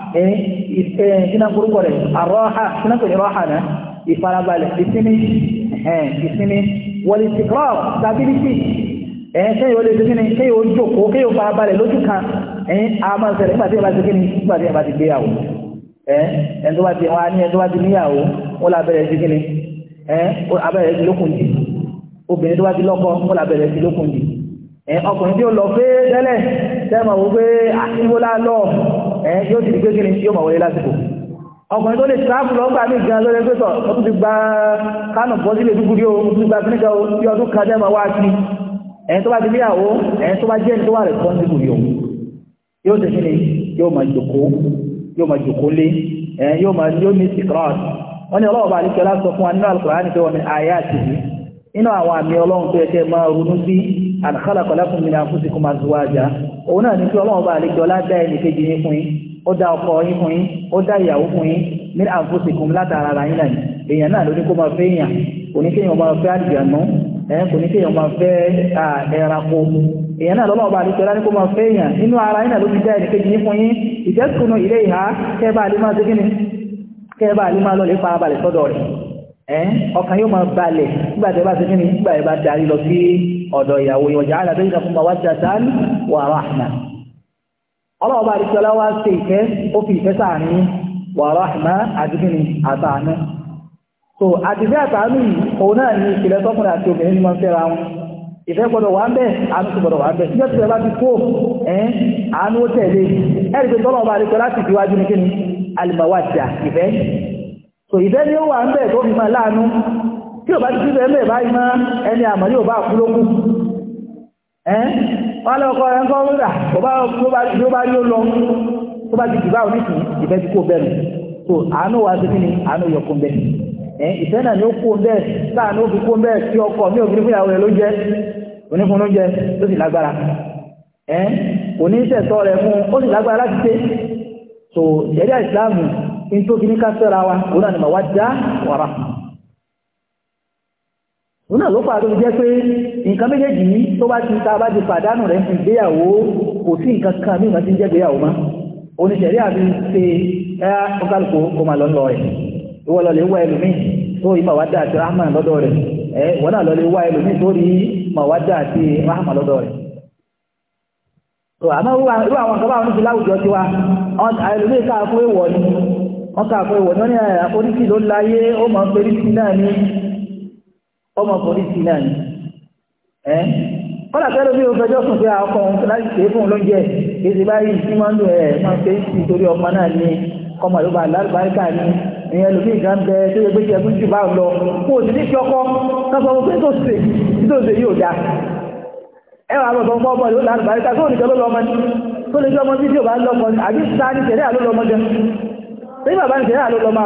Eh, kíná kúrúkọ rẹ̀ àrọ́hà kíná kò ní rọ́hà náà ìfarabalẹ̀ ìsinmi ìsinmi wọlé tìkọ́ stability kéyìí ó lè ṣe kíni kéyìí ó jókòó kéyìí ó farabalẹ̀ lójú kan eh, a máa ṣẹlẹ̀ nígbà tí ẹ bá ṣe kíni nígbà tí ẹ bá ti gbéyàwó eh, ẹni tó bá ti wá ní ẹni tó bá ti níyàwó wọ́n la bẹ̀rẹ̀ sí kíni abẹ́rẹ́ sí lókun dì obìnrin tó bá ti lọ́kọ wọ́n la bẹ̀rẹ̀ sí lókun dì ọkùnrin tí ó lọ fẹ́ ẹ yóò ti di kékeré ní yóò mọ̀ wọlé lásìkò ọkùnrin tó lè sáàbù lọ́gbà ní ìgbà lórí pẹ́tọ̀ ó tún ti gba kánù bọ́ sílé dúkú o ó tún gba sílé o tí ọdún kan jẹ́ máa wá sí ẹ̀yìn tó bá ti níyàwó ẹ̀yìn tó bá jẹ́ ní tó wà rẹ̀ fún síbù rí o yóò ti sílé yóò máa jòkó òun náà ní pé ọlọ́run bá àlejò ládá ẹni kejì yín fún yín ó dá ọkọ yín fún yín ó dá ìyàwó fún yín ní àǹfóṣìkùn látara ara yín náà èèyàn náà ló ní kó máa fẹ́ èèyàn kò ní kéèyàn máa fẹ́ àdìyànú kò ní kéèyàn máa fẹ́ ẹranko èèyàn náà lọ́lọ́ọ̀bá àlejò ládá ní kó máa fẹ́ èèyàn nínú ara yín náà ló ti dá ẹni kejì yín fún yín ìjẹ́sùnú ilé ìhá kẹ́ẹ̀bá àlè máa dégínì kẹ́ẹ̀bá àlè máa lọ́lẹ̀ farabalẹ̀ sọ́dọ̀ rẹ̀ ọkàn yóò máa balẹ̀ nígbà tẹ́ bá dégínì nígbà tẹ́ bá darí lọ sí ọ̀dọ̀ ìyàwó ìwọ̀jà alábẹ́ ìdàkùn bàwá jàdán wà ráhmà ọlọ́wọ́ bá àdìsí ọlá wá ṣe ìfẹ́ ó fi ìfẹ́ sáàánú wà ráhmà àdìgbìn àtàánú so àdìsí àtàánú yìí òun náà ní ìpìlẹ̀ tọkùnrin àti obìnrin ni wọ́n fẹ́ra wọn ìfẹ́ gbọ́dọ̀ wà ń bẹ̀ àánú ti gbọ́dọ̀ wà ń bẹ̀ síjọ́ ti bá ti kó ẹ̀ àánú ó tẹ̀lé ẹ̀rì pé tọ́lọ̀ bá àdìsí ọlá fi wájú ní kíni alimawajà ìfẹ́ so ìfẹ́ ni ó wà ń bẹ̀ tó fi máa láàánú tí ò bá ti sí bẹ́ẹ̀ bẹ́ẹ̀ báyìí mọ́ ẹni àmọ́ yóò bá kú lókù ẹ́n wọ́n lọ́kọ́ rẹ̀ ń kọ́ rúdà tó bá rí ó lọ tó bá ti jù báwọn nìkú ìfẹ́ ti kó bẹ́ẹ̀ so àánú wa sí kíni àánú yọkùn bẹ́ẹ̀ ẹ́n ìfẹ́ náà ni ó kó bẹ́ẹ̀ láàánú ó fi kó bẹ́ẹ̀ sí ọkọ̀ ní òfin fún ìyàwó rẹ̀ ló jẹ́ onífun ló jẹ́ tó sì lágbára ẹ́n kò ní sẹ̀tọ́ rẹ̀ fún ó sì lágbára láti dé so ìjẹ́rí àìsíláàmù ní tó fi ní ká fẹ́ra wa òun náà ni màwá já wàrà òun náà ló pàdó jẹ́ pé nǹkan méjèèjì yìí tó bá ti ta bá ti pàdánù rẹ̀ fún ìgbéyàwó kò sí nǹkan kan ní ìrántí jẹ́ ìgbéyàwó mọ́ oníṣẹ̀rí àti ṣe ẹ́yà ọkàlùkò kò máa lọ́nà rẹ̀ ìwọ lọ ẹlòmíì tó rí màwádà àti rahman lọ́dọ̀ rẹ̀ náà lọ lè tó ọmọ polisi náà ni ẹ kọ́lá fẹ́rẹ́ bí òfẹ́jọ́ sùn pé akọ òun láti ṣe é fún un lóúnjẹ èsì báyìí tí máa ń lò ẹ̀ máa ń ṣe é sí torí ọmọ náà ni kọmọ ló bá lálùbáríkà ni ìyẹn lómi ìgbà ń bẹ tó yẹ pé jẹun jù bá lọ kó o sì ní fiọkọ kọsọ pé tó ṣe tó ṣe yóò dáa ẹ wà lọ sọ fún ọmọ ìlú lálùbáríkà tó nìkan ló lọ ọmọ ní tó lè ọmọ tí ò bá lọ lọ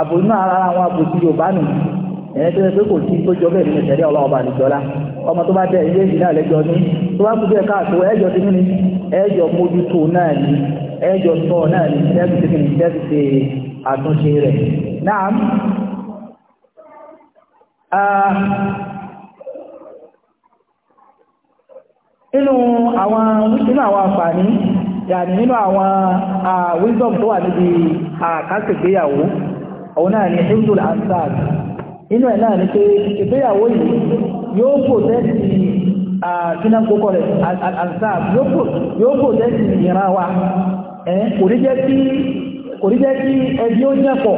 àbò inú ara àwọn àbòsí yorùbá nù ẹ̀yẹ́ tó yẹ pé kò sí tó jọ bẹ́ẹ̀ nínú ìṣẹ̀lẹ̀ ọlọ́wọ́ bá nìjọ́lá ọmọ tó bá tẹ ilé ìdí náà lẹ́jọ́ ní tó bá kú bẹ́ẹ̀ káàtó ẹ̀jọ́ ti ní ẹ̀jọ́ mójútó náà ní ẹ̀jọ́ sọ náà ní tẹ́sí ti ní tẹ́sí ti àtúnṣe rẹ̀ náà inú àwọn nínú àwọn àǹfààní yàní nínú àwọn wisdom tó wà níbi àkásìgbéyàwó òun náà ni hibdul ansar inú ẹ̀ náà ni pé ìgbéyàwó yìí yóò pòtẹ́sì àtúnà kókó rẹ̀ ansar yóò pòtẹ́sì ìran wa kò ní jẹ́ kí ẹbí ó jẹ́ pọ̀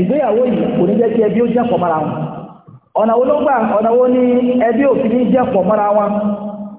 ìgbéyàwó yìí kò ní jẹ́ kí ẹbí mara wọn ọ̀nà wo ló gbà ọ̀nà wo mara wọn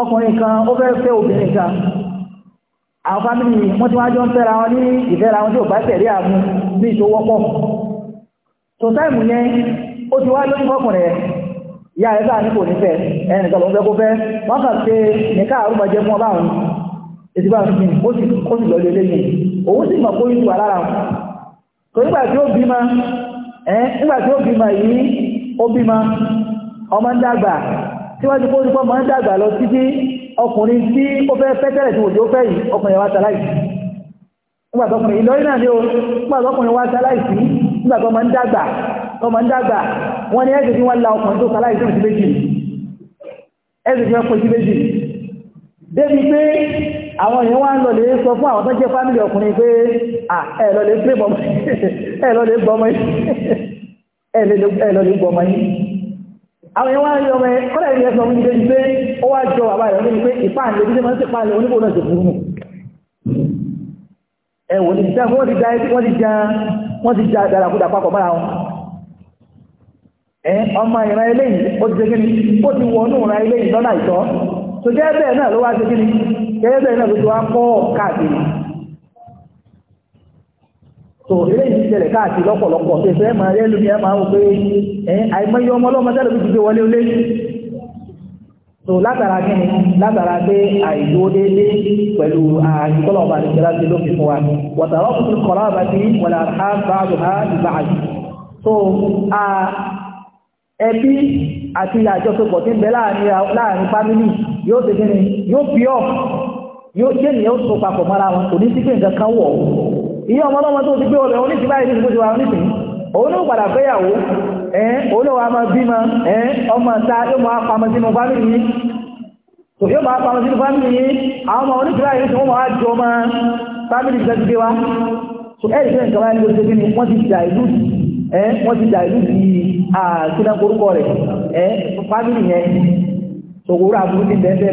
ọkùnrin kan ó fẹ́ fẹ́ obìnrin kan àwọn fámìlì wọ́n ti wá jọ ń fẹ́ra wọn ní ìfẹ́ra wọn tí ò bá tẹ̀lé àmú ní ìṣòwọ́pọ̀ tó táìmù yẹn ó ti wá lórí fọkùnrin rẹ̀ ìyá rẹ̀ sáà ní kò ní fẹ́ ẹnì kan ló fẹ́ kó fẹ́ wọ́n kàn ṣe nìka àrùbọ̀jẹ fún ọba àwọn èsì bá fi ó sì ó sì lọ́ọ́ lélẹ́yìn òun sì mọ̀ pé oyin ti wà lára wọn tó nígbà tí ó bímọ ẹ nígbà tí ó bímọ yìí ó bímọ ọmọ ń dàgbà síwájú kó nípa máa ń dàgbà lọ títí ọkùnrin tí ó fẹ́ fẹ́tẹ̀rẹ̀ tí òjò fẹ́ yìí ọkùnrin wá sáláìsì nígbàtọ́kùnrin ìlọrin náà ni ó nígbàtọ́kùnrin wá sáláìsì nígbàtọ́ máa ń dàgbà tó máa ń dàgbà wọ́n ní ẹ̀sìn tí wọ́n la ọkùnrin tó sáláìsì sí méjì ẹ̀sìn tí wọ́n pọ̀ sí méjì débi pé àwọn èèyàn wá ń lọ lè sọ fún àwọn tó jẹ́ gbọmọ yìí àwọn èèyàn wá rí ọmọ ẹ kọ́lá ìrìn ẹ̀sọ̀ omi ìdẹ́jú pé ó wá jọ bàbá rẹ̀ omi pé ìpáàlẹ̀ omi máa ń ṣe páàlẹ̀ oníbò náà ṣe fún un ẹ̀wọ̀ ní ìjà wọ́n ti da wọ́n ti ja wọ́n ti ja dàràkúdà papọ̀ mọ́ra wọn ẹ ọmọ ìran eléyìí ó ti ṣe kí ni ó ti wọnú ìran eléyìí lọ́nà ìtọ́ tó jẹ́ bẹ́ẹ̀ náà ló wá ṣe kí ni jẹ́ bẹ́ẹ̀ so eléyìí ti ṣẹlẹ̀ káàkiri lọ́pọ̀lọpọ̀ tó ṣe máa rẹ́ lómi ẹ máa ń pé ẹ àìmọye ọmọ ọlọ́mọ tẹ́lẹ̀ fi gbé wọlé olé so látara kí ni látara pé àìdúró déédéé pẹ̀lú àìkọ́lọ̀ ọba àti ìṣẹ́lá ti lófin fún wa wọ̀tàrọ̀ kùtù kọ̀rọ̀ ọba ti wọ̀là á bá a bá ìgbà àjù so ẹbí àti àjọṣepọ̀ tí ń bẹ láàrin fámìlì yóò ṣe kí ni yóò fi ọ̀ yóò ṣe ènìyàn ó so papọ̀ mọ́ra wọn kò ní sí pé nǹkan kan iye ọmọ ọlọ́mọ tó ti gbé ọlẹ̀ oníṣìí báyìí ní ìgbésí wa oníṣìí òun ló padà fẹ́yàwó ẹ̀ẹ́n òun náà wà máa bímọ ẹ̀ẹ́n ọmọ ta yóò máa pamọ́ sínú fámìlì yìí tò yóò máa pamọ́ sínú fámìlì yìí àwọn ọmọ oníṣìí báyìí ní wọ́n máa jọ ọmọ fámìlì ìṣẹ́ ti gbé wa so ẹ̀rì fẹ́ nǹkan báyìí ló ṣe kí ni wọ́n ti dà ìlú ẹ̀ wọ́n ti dà ìlú di àkínà korúkọ rẹ̀ ẹ̀ fámìlì yẹn so òwúrọ̀ àbúrú ti bẹ́ẹ̀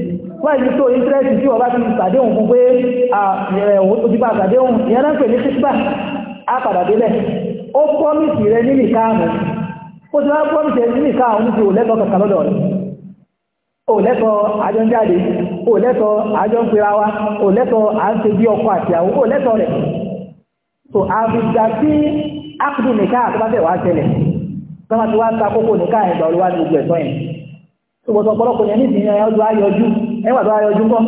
wọ́n yìí tó íńtírẹ́sì tí wọ́n bá ti sàdéhùn fún pé òjìbá sàdéhùn ìyẹn náà pè ní sísbà àpàdàdélẹ̀ ó pọ́mìsì rẹ nílì káàmù ó ti wá pọ́mìsì rẹ nílì káàmù ti ò lẹ́tọ̀ọ́ kankan lọ́dọ̀ rẹ̀ ò lẹ́tọ̀ọ́ àjọ ń jáde ò lẹ́tọ̀ọ́ àjọ ń pera wa ò lẹ́tọ̀ọ́ à ń ṣe bí ọkọ àti àwọn ò lẹ́tọ̀ọ́ rẹ̀ so àbùdá tí ákùdù nìkan àtúbàtẹ̀ wá ṣẹlẹ̀ tọ́mà ti wá ta kókò nìkan ìgbà olúwa ní gbogbo ẹ̀tọ́ ṣùgbọ́n ọ̀pọ̀lọpọ̀ yẹn nídìí ọjọ́ ayọjú ẹgbà tó ayọjú kọ́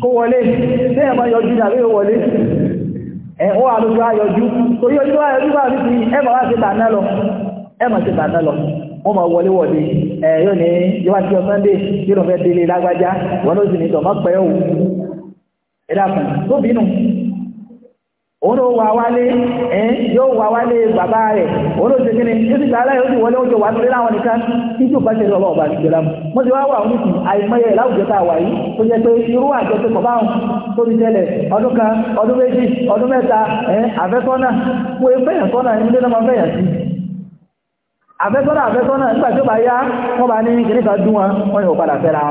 kó wọlé lẹ́yìn bá yọjú dàbí wọlé ẹ̀họ́ àlójú ayọjú torí ojú ayọjú bá rí ti ẹmà wá sí tàná lọ ẹmà wọ́n ma wọlé wọlé ẹ̀ ní yóò ti ọ̀sán fẹ́ délé lágbájá wọn ló sì ní tọ̀ pẹ́ òun ẹ̀dàkùn tó bínú òun eh, wà wálé yóò wà wálé bàbá rẹ̀ ṣe kí ni yóò wọlé oúnjẹ wà nìkan tí bá ṣe ọba ti wá wà ní àìmọye láwùjọ tá a wà yìí tó jẹ́ pé irú àjọṣe pọ̀ báwọn tó ti tẹ́lẹ̀ ọdún kan ọdún méjì ọdún mẹ́ta ẹ̀yìn eh, àfẹ́sọ́nà mo fẹ́yàn sọ́nà ní ilé máa fẹ́yàn sí àfẹ́sọ́nà àfẹ́sọ́nà nígbà tí ó bá yá bá ní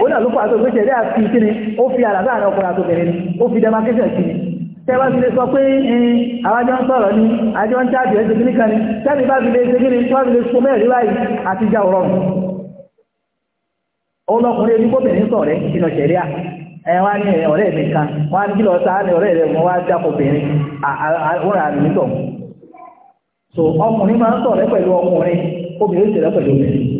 ó dà ló pàtó pé ṣẹ̀dá fi kí ni ó fi àlàbà àrẹ ọkùnrin àtòbìnrin ó fi demarcation kí ni tẹ́wá sọ pé àwájọ́ ń sọ̀rọ̀ ni àjọ ń jáde ẹ̀ṣẹ̀ kíní kan ni tẹ́mi bá fi lè ṣe kíní tó lè so mẹ́rin báyìí àti ìjà ọ̀rọ̀ ọlọ́kùnrin ẹni kóbìnrin sọ̀rọ̀ rẹ̀ ìnà ṣẹ̀ríà ẹwà ní ọ̀rẹ́ mi kan wọ́n ní kílọ̀ sáà ní ọ̀rẹ́ rẹ̀ mọ́ wá jákòbìnrin àwọn àmì so ọkùnrin máa ń pẹ̀lú ọkùnrin obìnrin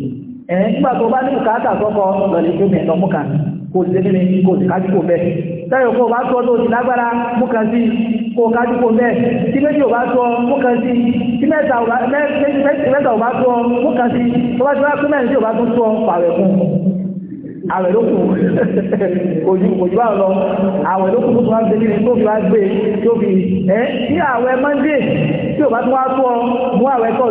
ẹ̀yìn nígbà tó bá ní bùkátà sọ́kọ́ lọ́lẹ̀ tó mẹ́ lọ́mú kan kò sí nínú kò sí kájúkò bẹ́ẹ̀ tẹ́yọ̀ kó bá tọ́ tó ti lágbára mú sí kó kájúkò bẹ́ẹ̀ tí méjì ò bá tọ́ mú sí tí mẹ́ta ò bá tọ́ mú sí tó bá ti wá pé mẹ́rin tí ò bá tún tọ́ pààrẹ̀ fún àwẹ̀ ló kù ojú ojú àwọn lọ àwẹ̀ ló kù tó wá gbé nínú tó fi wá gbé tó fi ẹ́ tí àwẹ̀ Monday tí ò bá tún wá tọ́ mú àwẹ̀ tọ́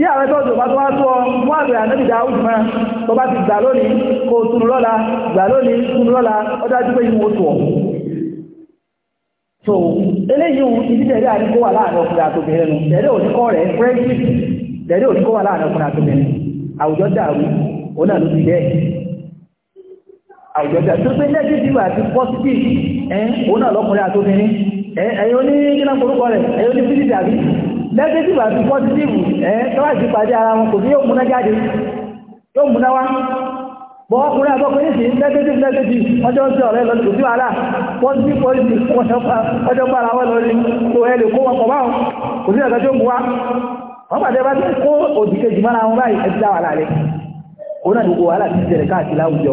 tí àwọn ẹgbẹ́ òjò bá tó wá tó ọ mú àgbẹ̀ ànábì Dáúdù máa tó bá ti gbà lónìí kó o túnú lọ́la gbà lónìí túnú lọ́la ó dájú pé ìwọ̀n oṣù ọ̀ so eléyìí ohun ibi tẹ̀lé àdínkó wà láàrin ọkùnrin àtòbìnrin nù tẹ̀lé òdíkọ́ rẹ̀ friendship tẹ̀lé òdíkọ́ wà láàrin ọkùnrin àtòbìnrin àwùjọ dàrú òun náà ló ti bẹ́ẹ̀ àwùjọ dàrú tó pé negative àti positive ẹ̀ òun náà lọ́kùnrin àtòbìnrin ẹ̀yìn oní kí rẹ̀ ẹ̀yìn oní fíjì dàbí nẹ́gẹ́tìfù àti pọ́sítìfù ẹ̀ tọ́wà sí pàdé ara wọn kò sí yóò múná jáde yóò múná wá bọ́ọ̀kùnrin àbọ́kùnrin sí nẹ́gẹ́tìfù nẹ́gẹ́tìfù ọjọ́ sí ọ̀rẹ́ lọ sí wàhálà pọ́sítìfù pọ́sítìfù ọjọ́ para wọn lórí kò ẹ lè kó wọn pọ̀ báwọn kò sí ọ̀gá tó mú wa wọ́n pàdé bá ti kó òdìkejì mọ́ra wọn báyìí ẹ ti dá wàhálà rẹ̀ òun náà ni gbogbo wàhálà ti jẹ̀rẹ̀ káàkiri láwùjọ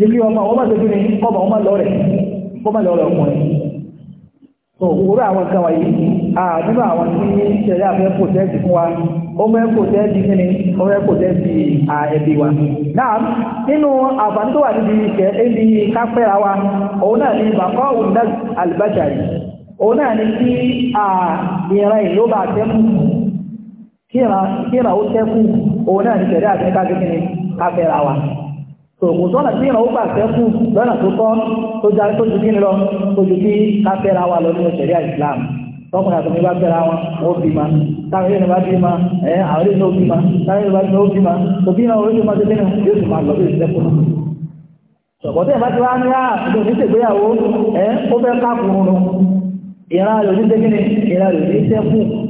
nílé ọmọ ọmọ tó dúró ní kọ́mọ ọmọ lọ rẹ̀ kọ́mọ lọ rẹ̀ ọkùnrin tó òwúrọ̀ àwọn nǹkan wáyé àdúrà àwọn tí ṣẹlẹ̀ àfẹ́ pòtẹ́ẹ̀tì fún wa ọmọ ẹ̀ pòtẹ́ẹ̀tì kí ni ọmọ ẹ̀ pòtẹ́ẹ̀tì ẹbí wa náà nínú àǹfààní tó wà níbi ìṣẹ́ ẹbí kápẹ́ra wa òun náà ni bàbá òun dá àlùbáṣà yìí òun náà ni kí ìran ìlú bá tẹ́kù kíra ó tẹ́kù òun náà ni ṣẹlẹ̀ àfẹ́ kápẹ́ra tòkù sọ́nà tí ìrànwó gbà sẹ́kù lọ́nà tó kọ́ tó já tó ju kí ni lọ tó ju kí ká fẹ́ra wa lọ nínú sẹ̀ríà Islam tọkùnrin àti mi bá fẹ́ra wọn ó bí ma táwọn èèyàn bá bí ma ẹ àwọn èèyàn ó bí ma táwọn èèyàn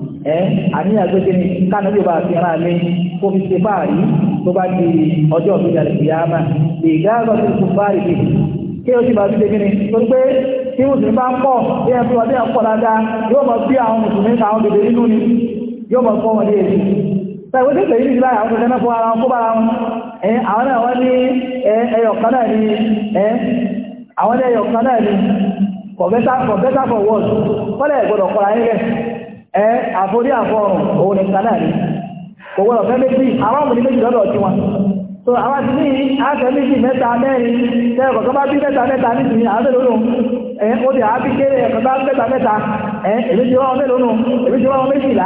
ẹ àníyàn ni káàdì bá fi ara mi kó fi ṣe fáàrí tó bá di ọjọ́ ìyá fáàrí kí o ti bá fi ṣe kíni torí pé tí mùsùlùmí bá ń pọ̀ bí ẹ fi wọn déyàn dáadáa yóò mọ bí àwọn mùsùlùmí àwọn bèbè nínú ni yóò mọ fọ́ wọn èyí pẹ̀lú tí ìgbèyí nígbà àwọn ọmọdé náà ara wọn kó bára wọn àwọn náà wọ́n ní ẹ àforí àfọrùn òun ní kanáà ni kò wọ́n ọ̀fẹ́ méjì àwọn ọmọdé méjì lọ́dọ̀ tí wọn so àwọn àti ní àfẹ́ méjì mẹ́ta mẹ́rin tẹ́ẹ̀kọ̀ tó bá bí mẹ́ta mẹ́ta nísìnyí àwọn mẹ́lòó nù ẹ ó ti àá bí kéré ẹ̀kọ́ bá mẹ́ta mẹ́ta ẹ èmi ti wá wọn mẹ́lòó nù èmi ti wá wọn méjìlá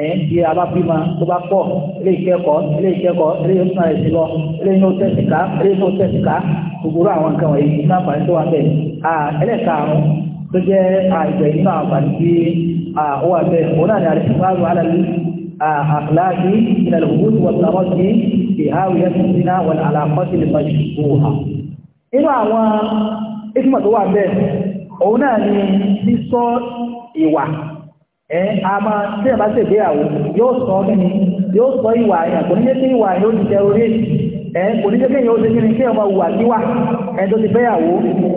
ẹ̀yìn di abábímọ tó bá pọ̀ ilé ìkẹ́kọ̀ọ́ ilé ìkẹ́kọ̀ọ́ ilé ìsúná ẹ̀sìn lọ ilé inú tẹ̀síká ilé inú tẹ̀síká gbogbo àwọn nǹkan wọ̀nyí ní àǹfààní tó wà bẹ́ẹ̀ ẹlẹ́karùn-ún tó jẹ́ àìgbẹ̀yìn nínú àǹfààní tí ó wà bẹ́ẹ̀ òun náà ni àrísìmáàrù alàlú àkàláàdì ìlànà òwúrò wọ̀tàwọ́ sí ìhàwì ẹ̀sìn sínú àwọn àlàkọ́sí lè fàṣì gbòó ha nínú àwọn ìtumọ̀ tó wà ni sísọ ìwà ẹ a máa tí a bá ṣe ìgbéyàwó yóò sọ kíni yóò sọ ìwà èèyàn kò ní jẹ́ kí ìwà yóò ti tẹ orí ẹ kò ní kí ṣe kíni kí ọmọ ẹ tó ti fẹ́yàwó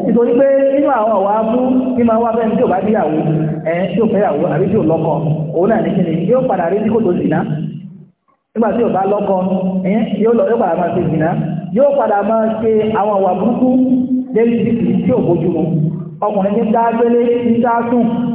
nítorí pé nínú àwọn ọ̀wà abú kí máa wá bẹ́ẹ̀ tí ò bá níyàwó ẹ tí ò fẹ́yàwó àbí tí ò òun náà ní kíni yóò padà rí tó nígbà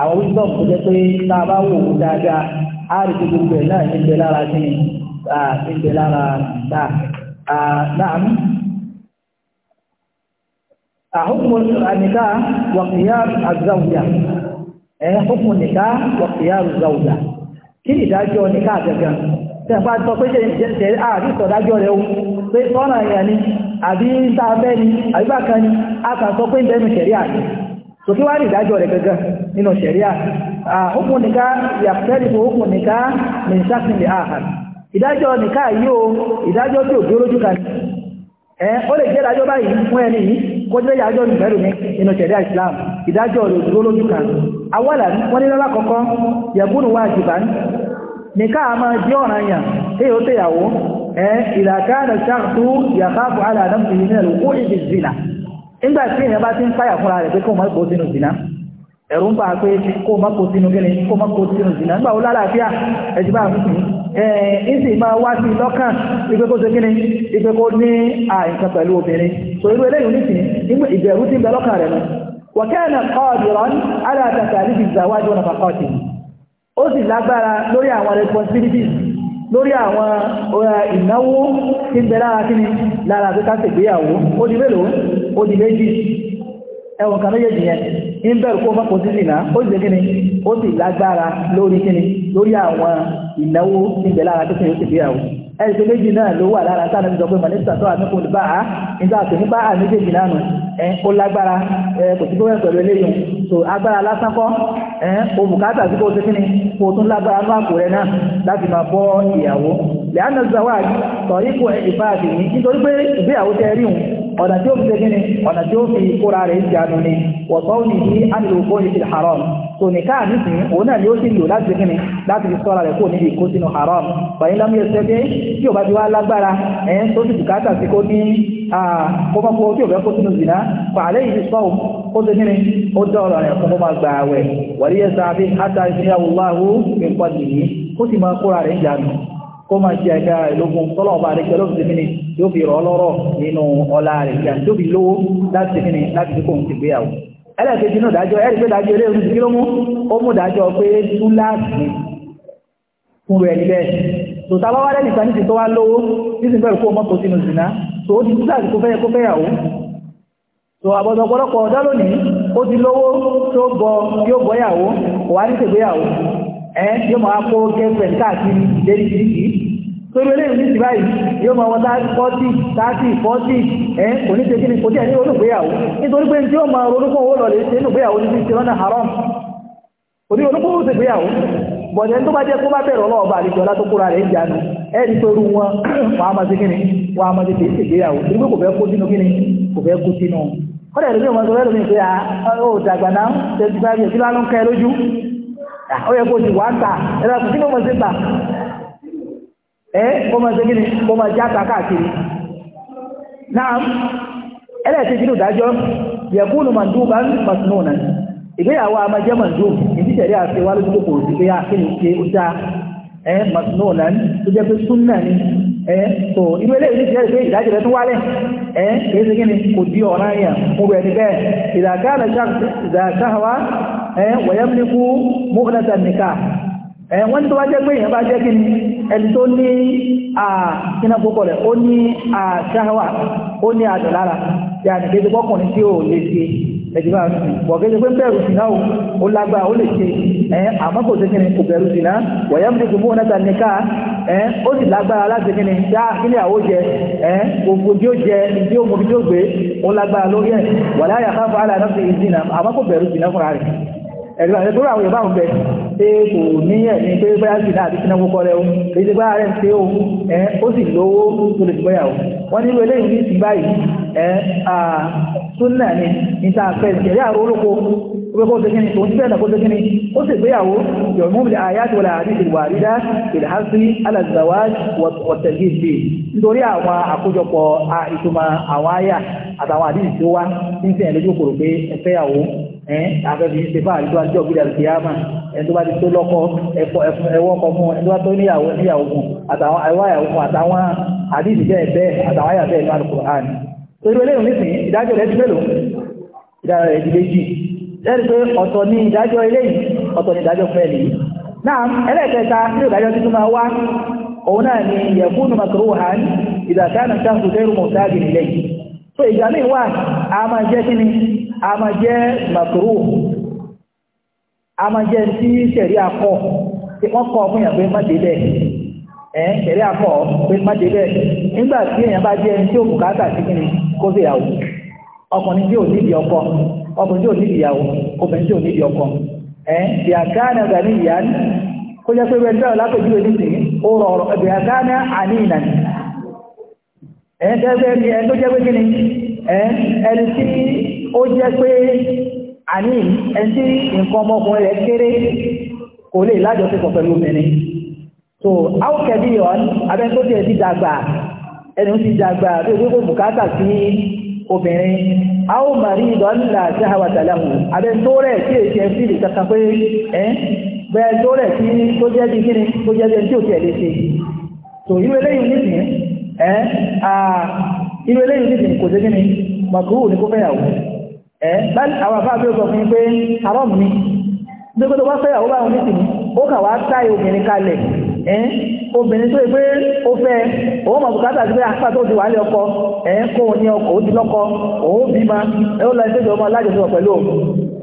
àwọn wisdom tó jẹ́ pé tá a bá wò ó dáadáa á rí pé gbogbo ẹ̀ náà ní bẹ lára sí ni ní bẹ lára gbà náà. àhùkùn nìka wàkìyà àzáwùjà ẹ̀ hùkùn nìka wàkìyà àzáwùjà kí ni ìdájọ́ nìka àgàgàn tẹ̀fà sọ pé ṣe àrí ìsọ̀dájọ́ rẹ̀ o pé sọ́nà ẹ̀yà ni àbí ń ta abẹ́ ni àbí kan ni a kà sọ pé ń bẹ́nu ṣẹ̀rí àgbẹ̀ sòkí wá rí ìdájọ́ rẹ̀ gẹ́gẹ́ nínú ṣẹ̀ríà òkun nìká yàtẹ́rìbò òkun nìká mìíràn lè àhà ìdájọ́ nìká yóò ìdájọ́ tí ò bí olójú kan ẹ ó lè jẹ́ ìdájọ́ báyìí fún ẹni yìí kó jẹ́ ìdájọ́ nìbẹ̀rù mi nínú ṣẹ̀ríà Islam ìdájọ́ rẹ̀ ò lójú kan awọ́là wọn ní lọ́lá kọ́kọ́ yẹ̀bùnú wá jìbá nìká a máa jẹ́ ọ̀ranyàn tí ó tẹ̀yàwó ẹ ìlàkánà ṣáàtú yàkáàbù alàdámù ìrìnà lókó ìdí zina nígbà tí èèyàn bá ti ń fáyà fúnra rẹ̀ pé kó má kó sínú ìdìnnà ẹ̀rù ń bá pé kó má kó sínú kó má kó sínú nígbà wo lálàáfíà fún ìsì máa wá sí lọ́kàn ìpé gíní ìpé ní àìsàn pẹ̀lú obìnrin so irú eléyìí nìsìn lórí àwọn ìnáwó tí ń bẹ lára kíni lára àgbékásẹ̀gbéyàwó ó di mélòó ó di méjì ẹwọ̀n kan méjèèjì yẹn ń bẹ̀rù kó mọ́kò sí ìná ó sì kíni ó sì lágbára lórí kíni lórí àwọn ìnáwó níbẹ̀ lára tó kìí ṣègbéyàwó ẹ̀rì méjì náà ló wà lára sáà níbi sọ bá a bá a méjèèjì náà nù ẹ̀ ó lágbára ẹ̀ kò sí gómìnà pẹ̀lú eléyìí so agbára lásán kọ́ sí kó o kíni kó o tún lágbára nú àpò rẹ náà láti lẹ́yìn zawaj sọ̀rí kò ìbáàdì ní nítorí pé ìgbéyàwó tẹ́ rí hùn ọ̀nà tí ó fi ṣẹ́gẹ́ni ọ̀nà tí ó fi kóra rẹ̀ ìjànú ni wọ̀tọ́ ní ní àdìlòkó ní ìlú haram tó ní káà ní sìn òun náà ni ó sì lò láti ṣẹ́gẹ́ni láti fi sọ́ra rẹ̀ kó níbi ìkó sínú haram bàyí lámú yẹ sẹ́gẹ́ tí ò bá ti wá lágbára ẹ̀ tó sì bùkátà sí kó ní kókókó tí ò fẹ́ kó sínú zìnà kò yìí sọ́ọ̀ ó ṣe kíni ó dá ọ̀rọ̀ rẹ̀ fún kó gbà àwẹ̀ wàlíyẹ sáfì hátà ìṣẹ́yàwó láhùn ìpàdé yìí ó sì máa kóra rẹ̀ ìjànú kó máa ṣe àṣà ìlógún tọ́lọ̀ ọba rẹ̀ pẹ̀lú ìsinmi yóò fi rọ̀ lọ́rọ̀ nínú ọlá rẹ̀ ìyá tó fi lówó láti sinmi láti fi kóhun ti gbéyàwó ẹlẹ́ẹ̀kejì náà dájọ́ ẹ̀rí pé dájọ́ eré oríṣi kílómú ó mú dájọ́ pé túláàsì fún rẹ̀ níbẹ̀ tó tá a bá wá lẹ́yìn ìsàníṣe tó wá lówó nísìnyí bẹ̀rẹ̀ kó mọ́tò sínú ìsìnà tó ó ti túláàsì kó fẹ́yẹ kó fẹ́yàwó tó àbọ̀dọ̀ ọ̀pọ̀lọpọ̀ ọ̀dọ́ lónìí ó ti lówó tó bọ yóò bọ́yàwó kò wá ní ṣègbéyàwó ẹ yóò máa kó gẹ́fẹ̀ káàkiri ìlérí kìrìkì torí eléyìí ní ti báyìí yóò máa wọ́n fọ́tì tààtì fọ́tì ẹ kò ní ṣe kí ni kò tí ẹ̀ ní olùgbéyàwó nítorí pé tí ó máa ronúkọ̀ owó lọ lè ṣe olùgbéyàwó ní ti lọ́nà haram kò ní ronúkọ̀ owó ṣègbéyàwó bọ̀dẹ̀ tó bá jẹ́ kó bá bẹ̀rẹ̀ ọlọ́ọ̀bá àlejò ọlá tó kóra rẹ̀ ń jánu ẹ̀rí pẹ̀lú wọn wàá máa ṣe kí ni wàá máa ṣe kì í ṣègbéyàwó torí pé kò fẹ́ kó sínú kí ni kò fẹ́ kó sínú kọ́dà ẹ̀rọ mi Ah, ó yẹ kó ti wá tà ẹ̀rọ kí ló mọ̀ sí tà ẹ́ kó mọ̀ sí kí ni kó mọ̀ já ta káàkiri náà ẹlẹ́ẹ̀tì nínú ìdájọ́ yẹ̀kúnù màndúbà ń pàṣínú náà ìgbéyàwó amajẹ́ màndúbà ìdíjẹ̀rí àti wà lójú kòkòrò sí pé àkíní ṣe ó dá ẹ màṣínú náà tó jẹ́ pé súnnà ni ẹ tó irú eléyìí ní ìjẹ́rìí pé ìdájọ́ rẹ̀ tó wálẹ̀ ẹ kìí ṣe kí ni kò di ọ̀ràn yẹn mo bẹ̀rẹ̀ bẹ́ẹ̀ ìdàkà wọ̀yẹ́mìlíkú mọ́kànlẹ́ta nìka wọ́n ní tó bá jẹ́ pé èèyàn bá jẹ́ kí ni ẹni tó ní àkínà púpọ̀ rẹ̀ ó ní àṣáwà ó ní àdọ̀ lára yàní kéde pọ́kùnrin tí ó lè ṣe ẹ̀jìbá bọ̀ kéde pé bẹ̀rù sí náà ó lágbára ó lè ṣe ẹ̀ àmọ́ kò sí kíni kò bẹ̀rù sí náà wọ̀yẹ́mìlíkú mọ́kànlẹ́ta nìka ẹ̀ ó sì lágbára láti kíni já kíni àwọ̀ jẹ ẹ̀ gbogbo tí ó jẹ tí ó mọ̀ tí ó gbé ó lágbára lórí ẹ̀ wàlá yàtọ̀ ẹ̀rọ àti tóra àwọn ìbáwọn bẹ̀ pé kò ní ẹ̀mí pé bóyá sí náà àti sínú kókọ́ rẹ̀ o èyí ti bá rẹ̀ pé o ẹ̀ ó sì lówó tó lè gbọ́yà o wọ́n ní ilé ìlú ti báyìí ẹ̀ súnà ni níta fẹ́ ìṣẹ̀lẹ̀ àrólókó وبيقول تجني وانت تقول تجني قلت بيعه يعموم الآيات والأحاديث الواردة في الحث على الزواج والتجهيز فيه nítorí àwọn àkójọpọ̀ ìtumọ̀ àwọn àyà àtàwọn àdìsí tó wá ní sẹ́yìn lójú kòrò pé ẹ̀fẹ́yàwó ẹ̀ afẹ́fẹ́ yìí ṣe fáàrí tó àjọ ògbìdà lùkì yá mà ẹni tó bá ti tó lọ́kọ ẹ̀wọ́ ọkọ fún ẹni tó bá tó níyàwó níyàwó fún àtàwọn àìwáyàwó fún àtàwọn àdìsí bẹ́ẹ̀ bẹ́ẹ̀ àtàwọn lẹ́rí pé ọ̀tọ̀ ní ìdájọ́ eléyìí ọ̀tọ̀ ní ìdájọ́ pẹ̀lú náà ẹlẹ́ẹ̀kẹta ní ìdájọ́ títún máa wá òun náà ni yẹ̀kúnnù makruhan ìdàkánà sáàkù tẹ́rù mọ̀táàgì nílẹ̀ so ìgbà míì wà a máa jẹ́ kí ni a máa jẹ́ makruh a máa jẹ́ tí sẹ̀rí akọ tí wọ́n kọ́ fún yàn pé má dé bẹ́ẹ̀ ẹ̀ sẹ̀rí akọ pé má dé bẹ́ẹ̀ nígbà tí èèyàn bá jẹ́ tí ó bùkátà sí kí ni kó ọkùnrin tí ò nídi ọkọ ọkùnrin tí ò nídi ìyàwó obìnrin tí ò nídi ọkọ ẹ bìàkáàna gani ìyá ni kó jẹ́ pé bẹ́ẹ̀ bẹ́ẹ̀ lápèjúwe nísìnyí ó rọrọ bìàkáàna àní ìnàní ẹ tẹ́gbẹ́ ni ẹ tó jẹ́ pé kíni ẹ ẹni tí ó jẹ́ pé àní ẹni tí nǹkan ọmọkùnrin rẹ̀ kéré kò lè lájọṣepọ̀ pẹ̀lú obìnrin so áwùkẹ́bí ọ̀n abẹ́ńtótì ẹ ti dàgbà ẹni ó ti dàgbà bí o obìnrin a ó màrí ìdọ́nlá jáhàwàtàláhù abẹ́ tó rẹ̀ tí èsì ẹ̀fí lè kàkà pé ẹ́ bẹ́ẹ̀ tó rẹ̀ tí tó jẹ́ bí kíni tó jẹ́ bí tí ò tẹ̀lé ṣe tò irú eléyìí nìsìn ẹ́ irú eléyìí nìsìn kò sí kíni màkúrú ní kó fẹ́yàwó ẹ́ báyìí àwọn afá bí ó sọ fún mi pé arọ́m ni nígbà tó bá fẹ́yàwó báwọn nìsìn ó kà wá táì obìnrin kalẹ̀ ẹ́ obìnrin tó yẹ pé ó fẹ́ òun mọ̀ bùkátà sí pé apá tó ti wà lé ọkọ ẹ̀ ń kó òun ní ọkọ ó ti lọ́kọ òun bí ma ẹ ó lọ ẹgbẹ́ ìjọba alájọsọ pẹ̀lú òun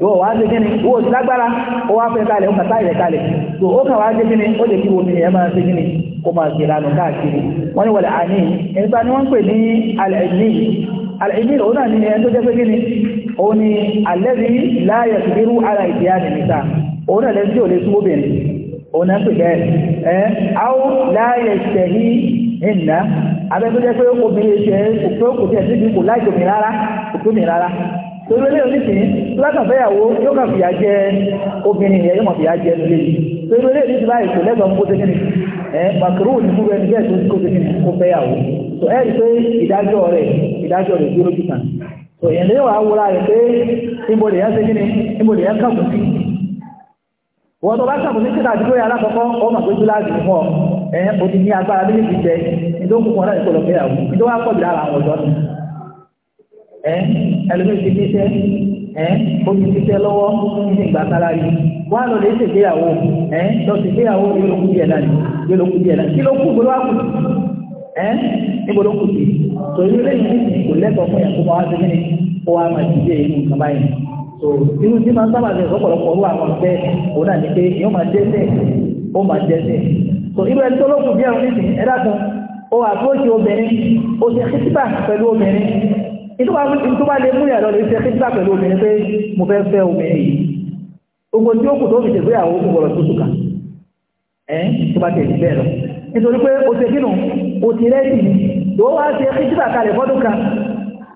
yóò wá sí kíni owó ti lágbára ó wá fẹ́ kalẹ̀ ó kàtá ìrẹ̀ kalẹ̀ tó ó kà wá sí kíni ó lè kí omi ẹ̀ máa sí kíni kó máa sì lànà káàkiri wọ́n ní wọlé àní nípa ni wọ́n ń pè ní alẹ́ẹ̀mí alẹ́ẹ̀mí òun náà òun ni alẹ́bí láyọ̀ sí irú ara ìdíyà náà lẹ́sí ọ̀nà pè bẹ́ẹ̀ ẹ́ áwọ́ láàyè tẹ̀lé ìnà abẹ́gbẹ́jẹ́ pé obìnrin ṣe òpin òkú tẹ̀ síbi kò láì tómi rárá òtómi rárá torí olóyè oníṣìí látà yóò kà fìyà jẹ obìnrin yẹn yóò mọ̀ fìyà jẹ ni ní fún ẹni bẹ́ẹ̀ tó kó kó fẹ́yàwó tó ẹ́ rí pé ìdájọ́ rẹ̀ ìdájọ́ rẹ̀ dúró tó wọ́n tó bá sàkóso títà àti lórí alákọ̀ọ́kọ́ ọmọ àgbéjú láti fún ọ ẹ̀ o ti ní agbára bí níbi jẹ ìdókù kan láti kọlọ̀ fẹ́ àwọn ìdó wa pọ̀ jù lára àwọn ọ̀dọ́ ẹ̀ ẹlòmíì ti ní iṣẹ́ ẹ̀ omi ti tẹ́ lọ́wọ́ ní ìgbà sára rí wọ́n á lọ lè ṣe ìgbéyàwó ẹ̀ lọ sí ìgbéyàwó yólókù díẹ̀ náà yólókù díẹ̀ náà kí ló kù gbọ́dọ̀ wá kù ẹ̀ níbo ló kù sí torí lẹ́yìn so inú tí máa ń sábà lè lọ́pọ̀lọpọ̀ orú àwọn ọ̀fẹ́ òun náà ní pé yóò máa dẹ́sẹ̀ ó máa dẹ́sẹ̀ so irú ẹni tó lókun bí ẹ̀rùn nísìn ẹ̀dá kan ó àpòṣe obìnrin ó ṣe kíkíbà pẹ̀lú obìnrin inú bá lè mú ìyàrá lè ṣe kíkíbà pẹ̀lú obìnrin pé mo fẹ́ fẹ́ obìnrin yìí ogun tí ó kù tó fi ṣègbéyàwó kò gbọ̀rọ̀ tó sùkà ẹ̀ tó bá tẹ̀lé bẹ́ẹ̀ lọ nítorí pé o ṣe kínú o ti rẹ́ẹ̀dì lówó wá ṣe kíkíbà kalẹ̀ fọ́dún kan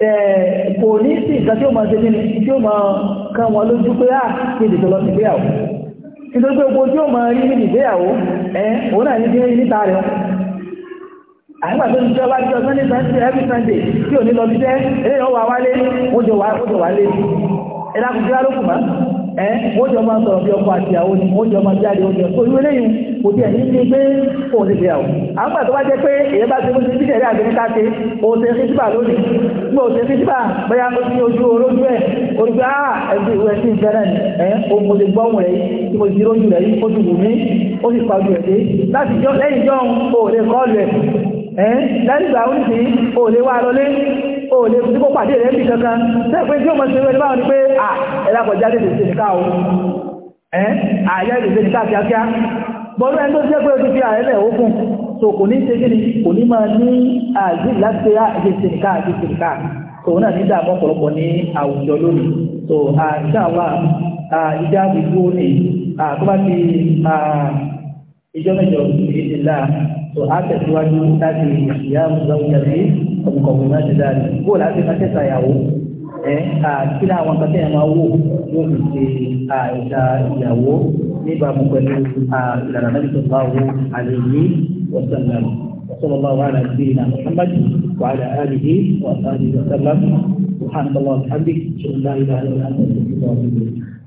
kò ní sí ìkan tí ó máa ṣe kí ni tí ó máa kan wọn lójú pé á ah, kí ìdìtò lọ sí ìgbéyàwó nítorí pé rí ní níta rẹ àgbà tó ń jẹ́ wá jọ sunday sunday every sunday tí ò ní lọ bí jẹ́ ẹ́ wọ́n jọ máa sọ̀rọ̀ bí ọkọ àti ìyàwó ni wọ́n jọ máa jáde oúnjẹ tó irú eléyìí kò tí ẹ̀ ní ní pé kò lè bẹ̀rù àgbà tó bá jẹ́ pé èyí bá ti fúnṣe títẹ̀rí àgbẹ̀ní káṣe o ṣe fi síbà lónìí bí o ṣe fi síbà bóyá o ti ojú olójú ẹ̀ o ti gbé a ẹbí ìwé sí ìfẹ́ náà ẹ̀ o mo lè gbọ́ ohun rẹ̀ yìí tí mo ti rójú rẹ̀ yìí o ti wù mí o ti pàjù ẹ̀ dé láti jọ lẹ́yìn jọ́ o lè kọ́ọ̀lù ẹ̀ ó lè tí kó pàdé rẹ̀ bí kankan tẹ́ẹ̀pẹ́ tí ó mọ̀ sí ẹgbẹ́ báwọn ni pé à ẹ̀lápọ̀já tètè sí nìká o ẹ́ àyà tètè nìká kíákíá bọ́lú ẹni tó jẹ́ pé ó ti fi ààrẹ lẹ̀ ó fún so kò ní ṣe kí ni kò ní máa ní àjí láti àjẹsì nìká àjẹsì nìká tòun náà ní dààmú ọ̀pọ̀lọpọ̀ ní àwùjọ lónìí so àṣàwà ìjà àbùkù ní àkọ́bá ti ìjọ mẹ́jọ ìdílà so a tẹ̀síwájú láti ìyá àmúzáwùjá sí ọ̀pọ̀lọpọ̀ náà ti dáa ní bó láti máa tẹ̀sà ìyàwó ẹ kí ni àwọn akẹ́kẹ́ yẹn máa wò yóò fi ṣe ìta ìyàwó níbàámu pẹ̀lú ìlànà náà tó bá wò àlèyé ọ̀sán náà وصلى الله على سيدنا محمد وعلى اله وصحبه وسلم سبحانك اللهم وبحمدك اشهد ان لا اله الا انت استغفرك واتوب اليك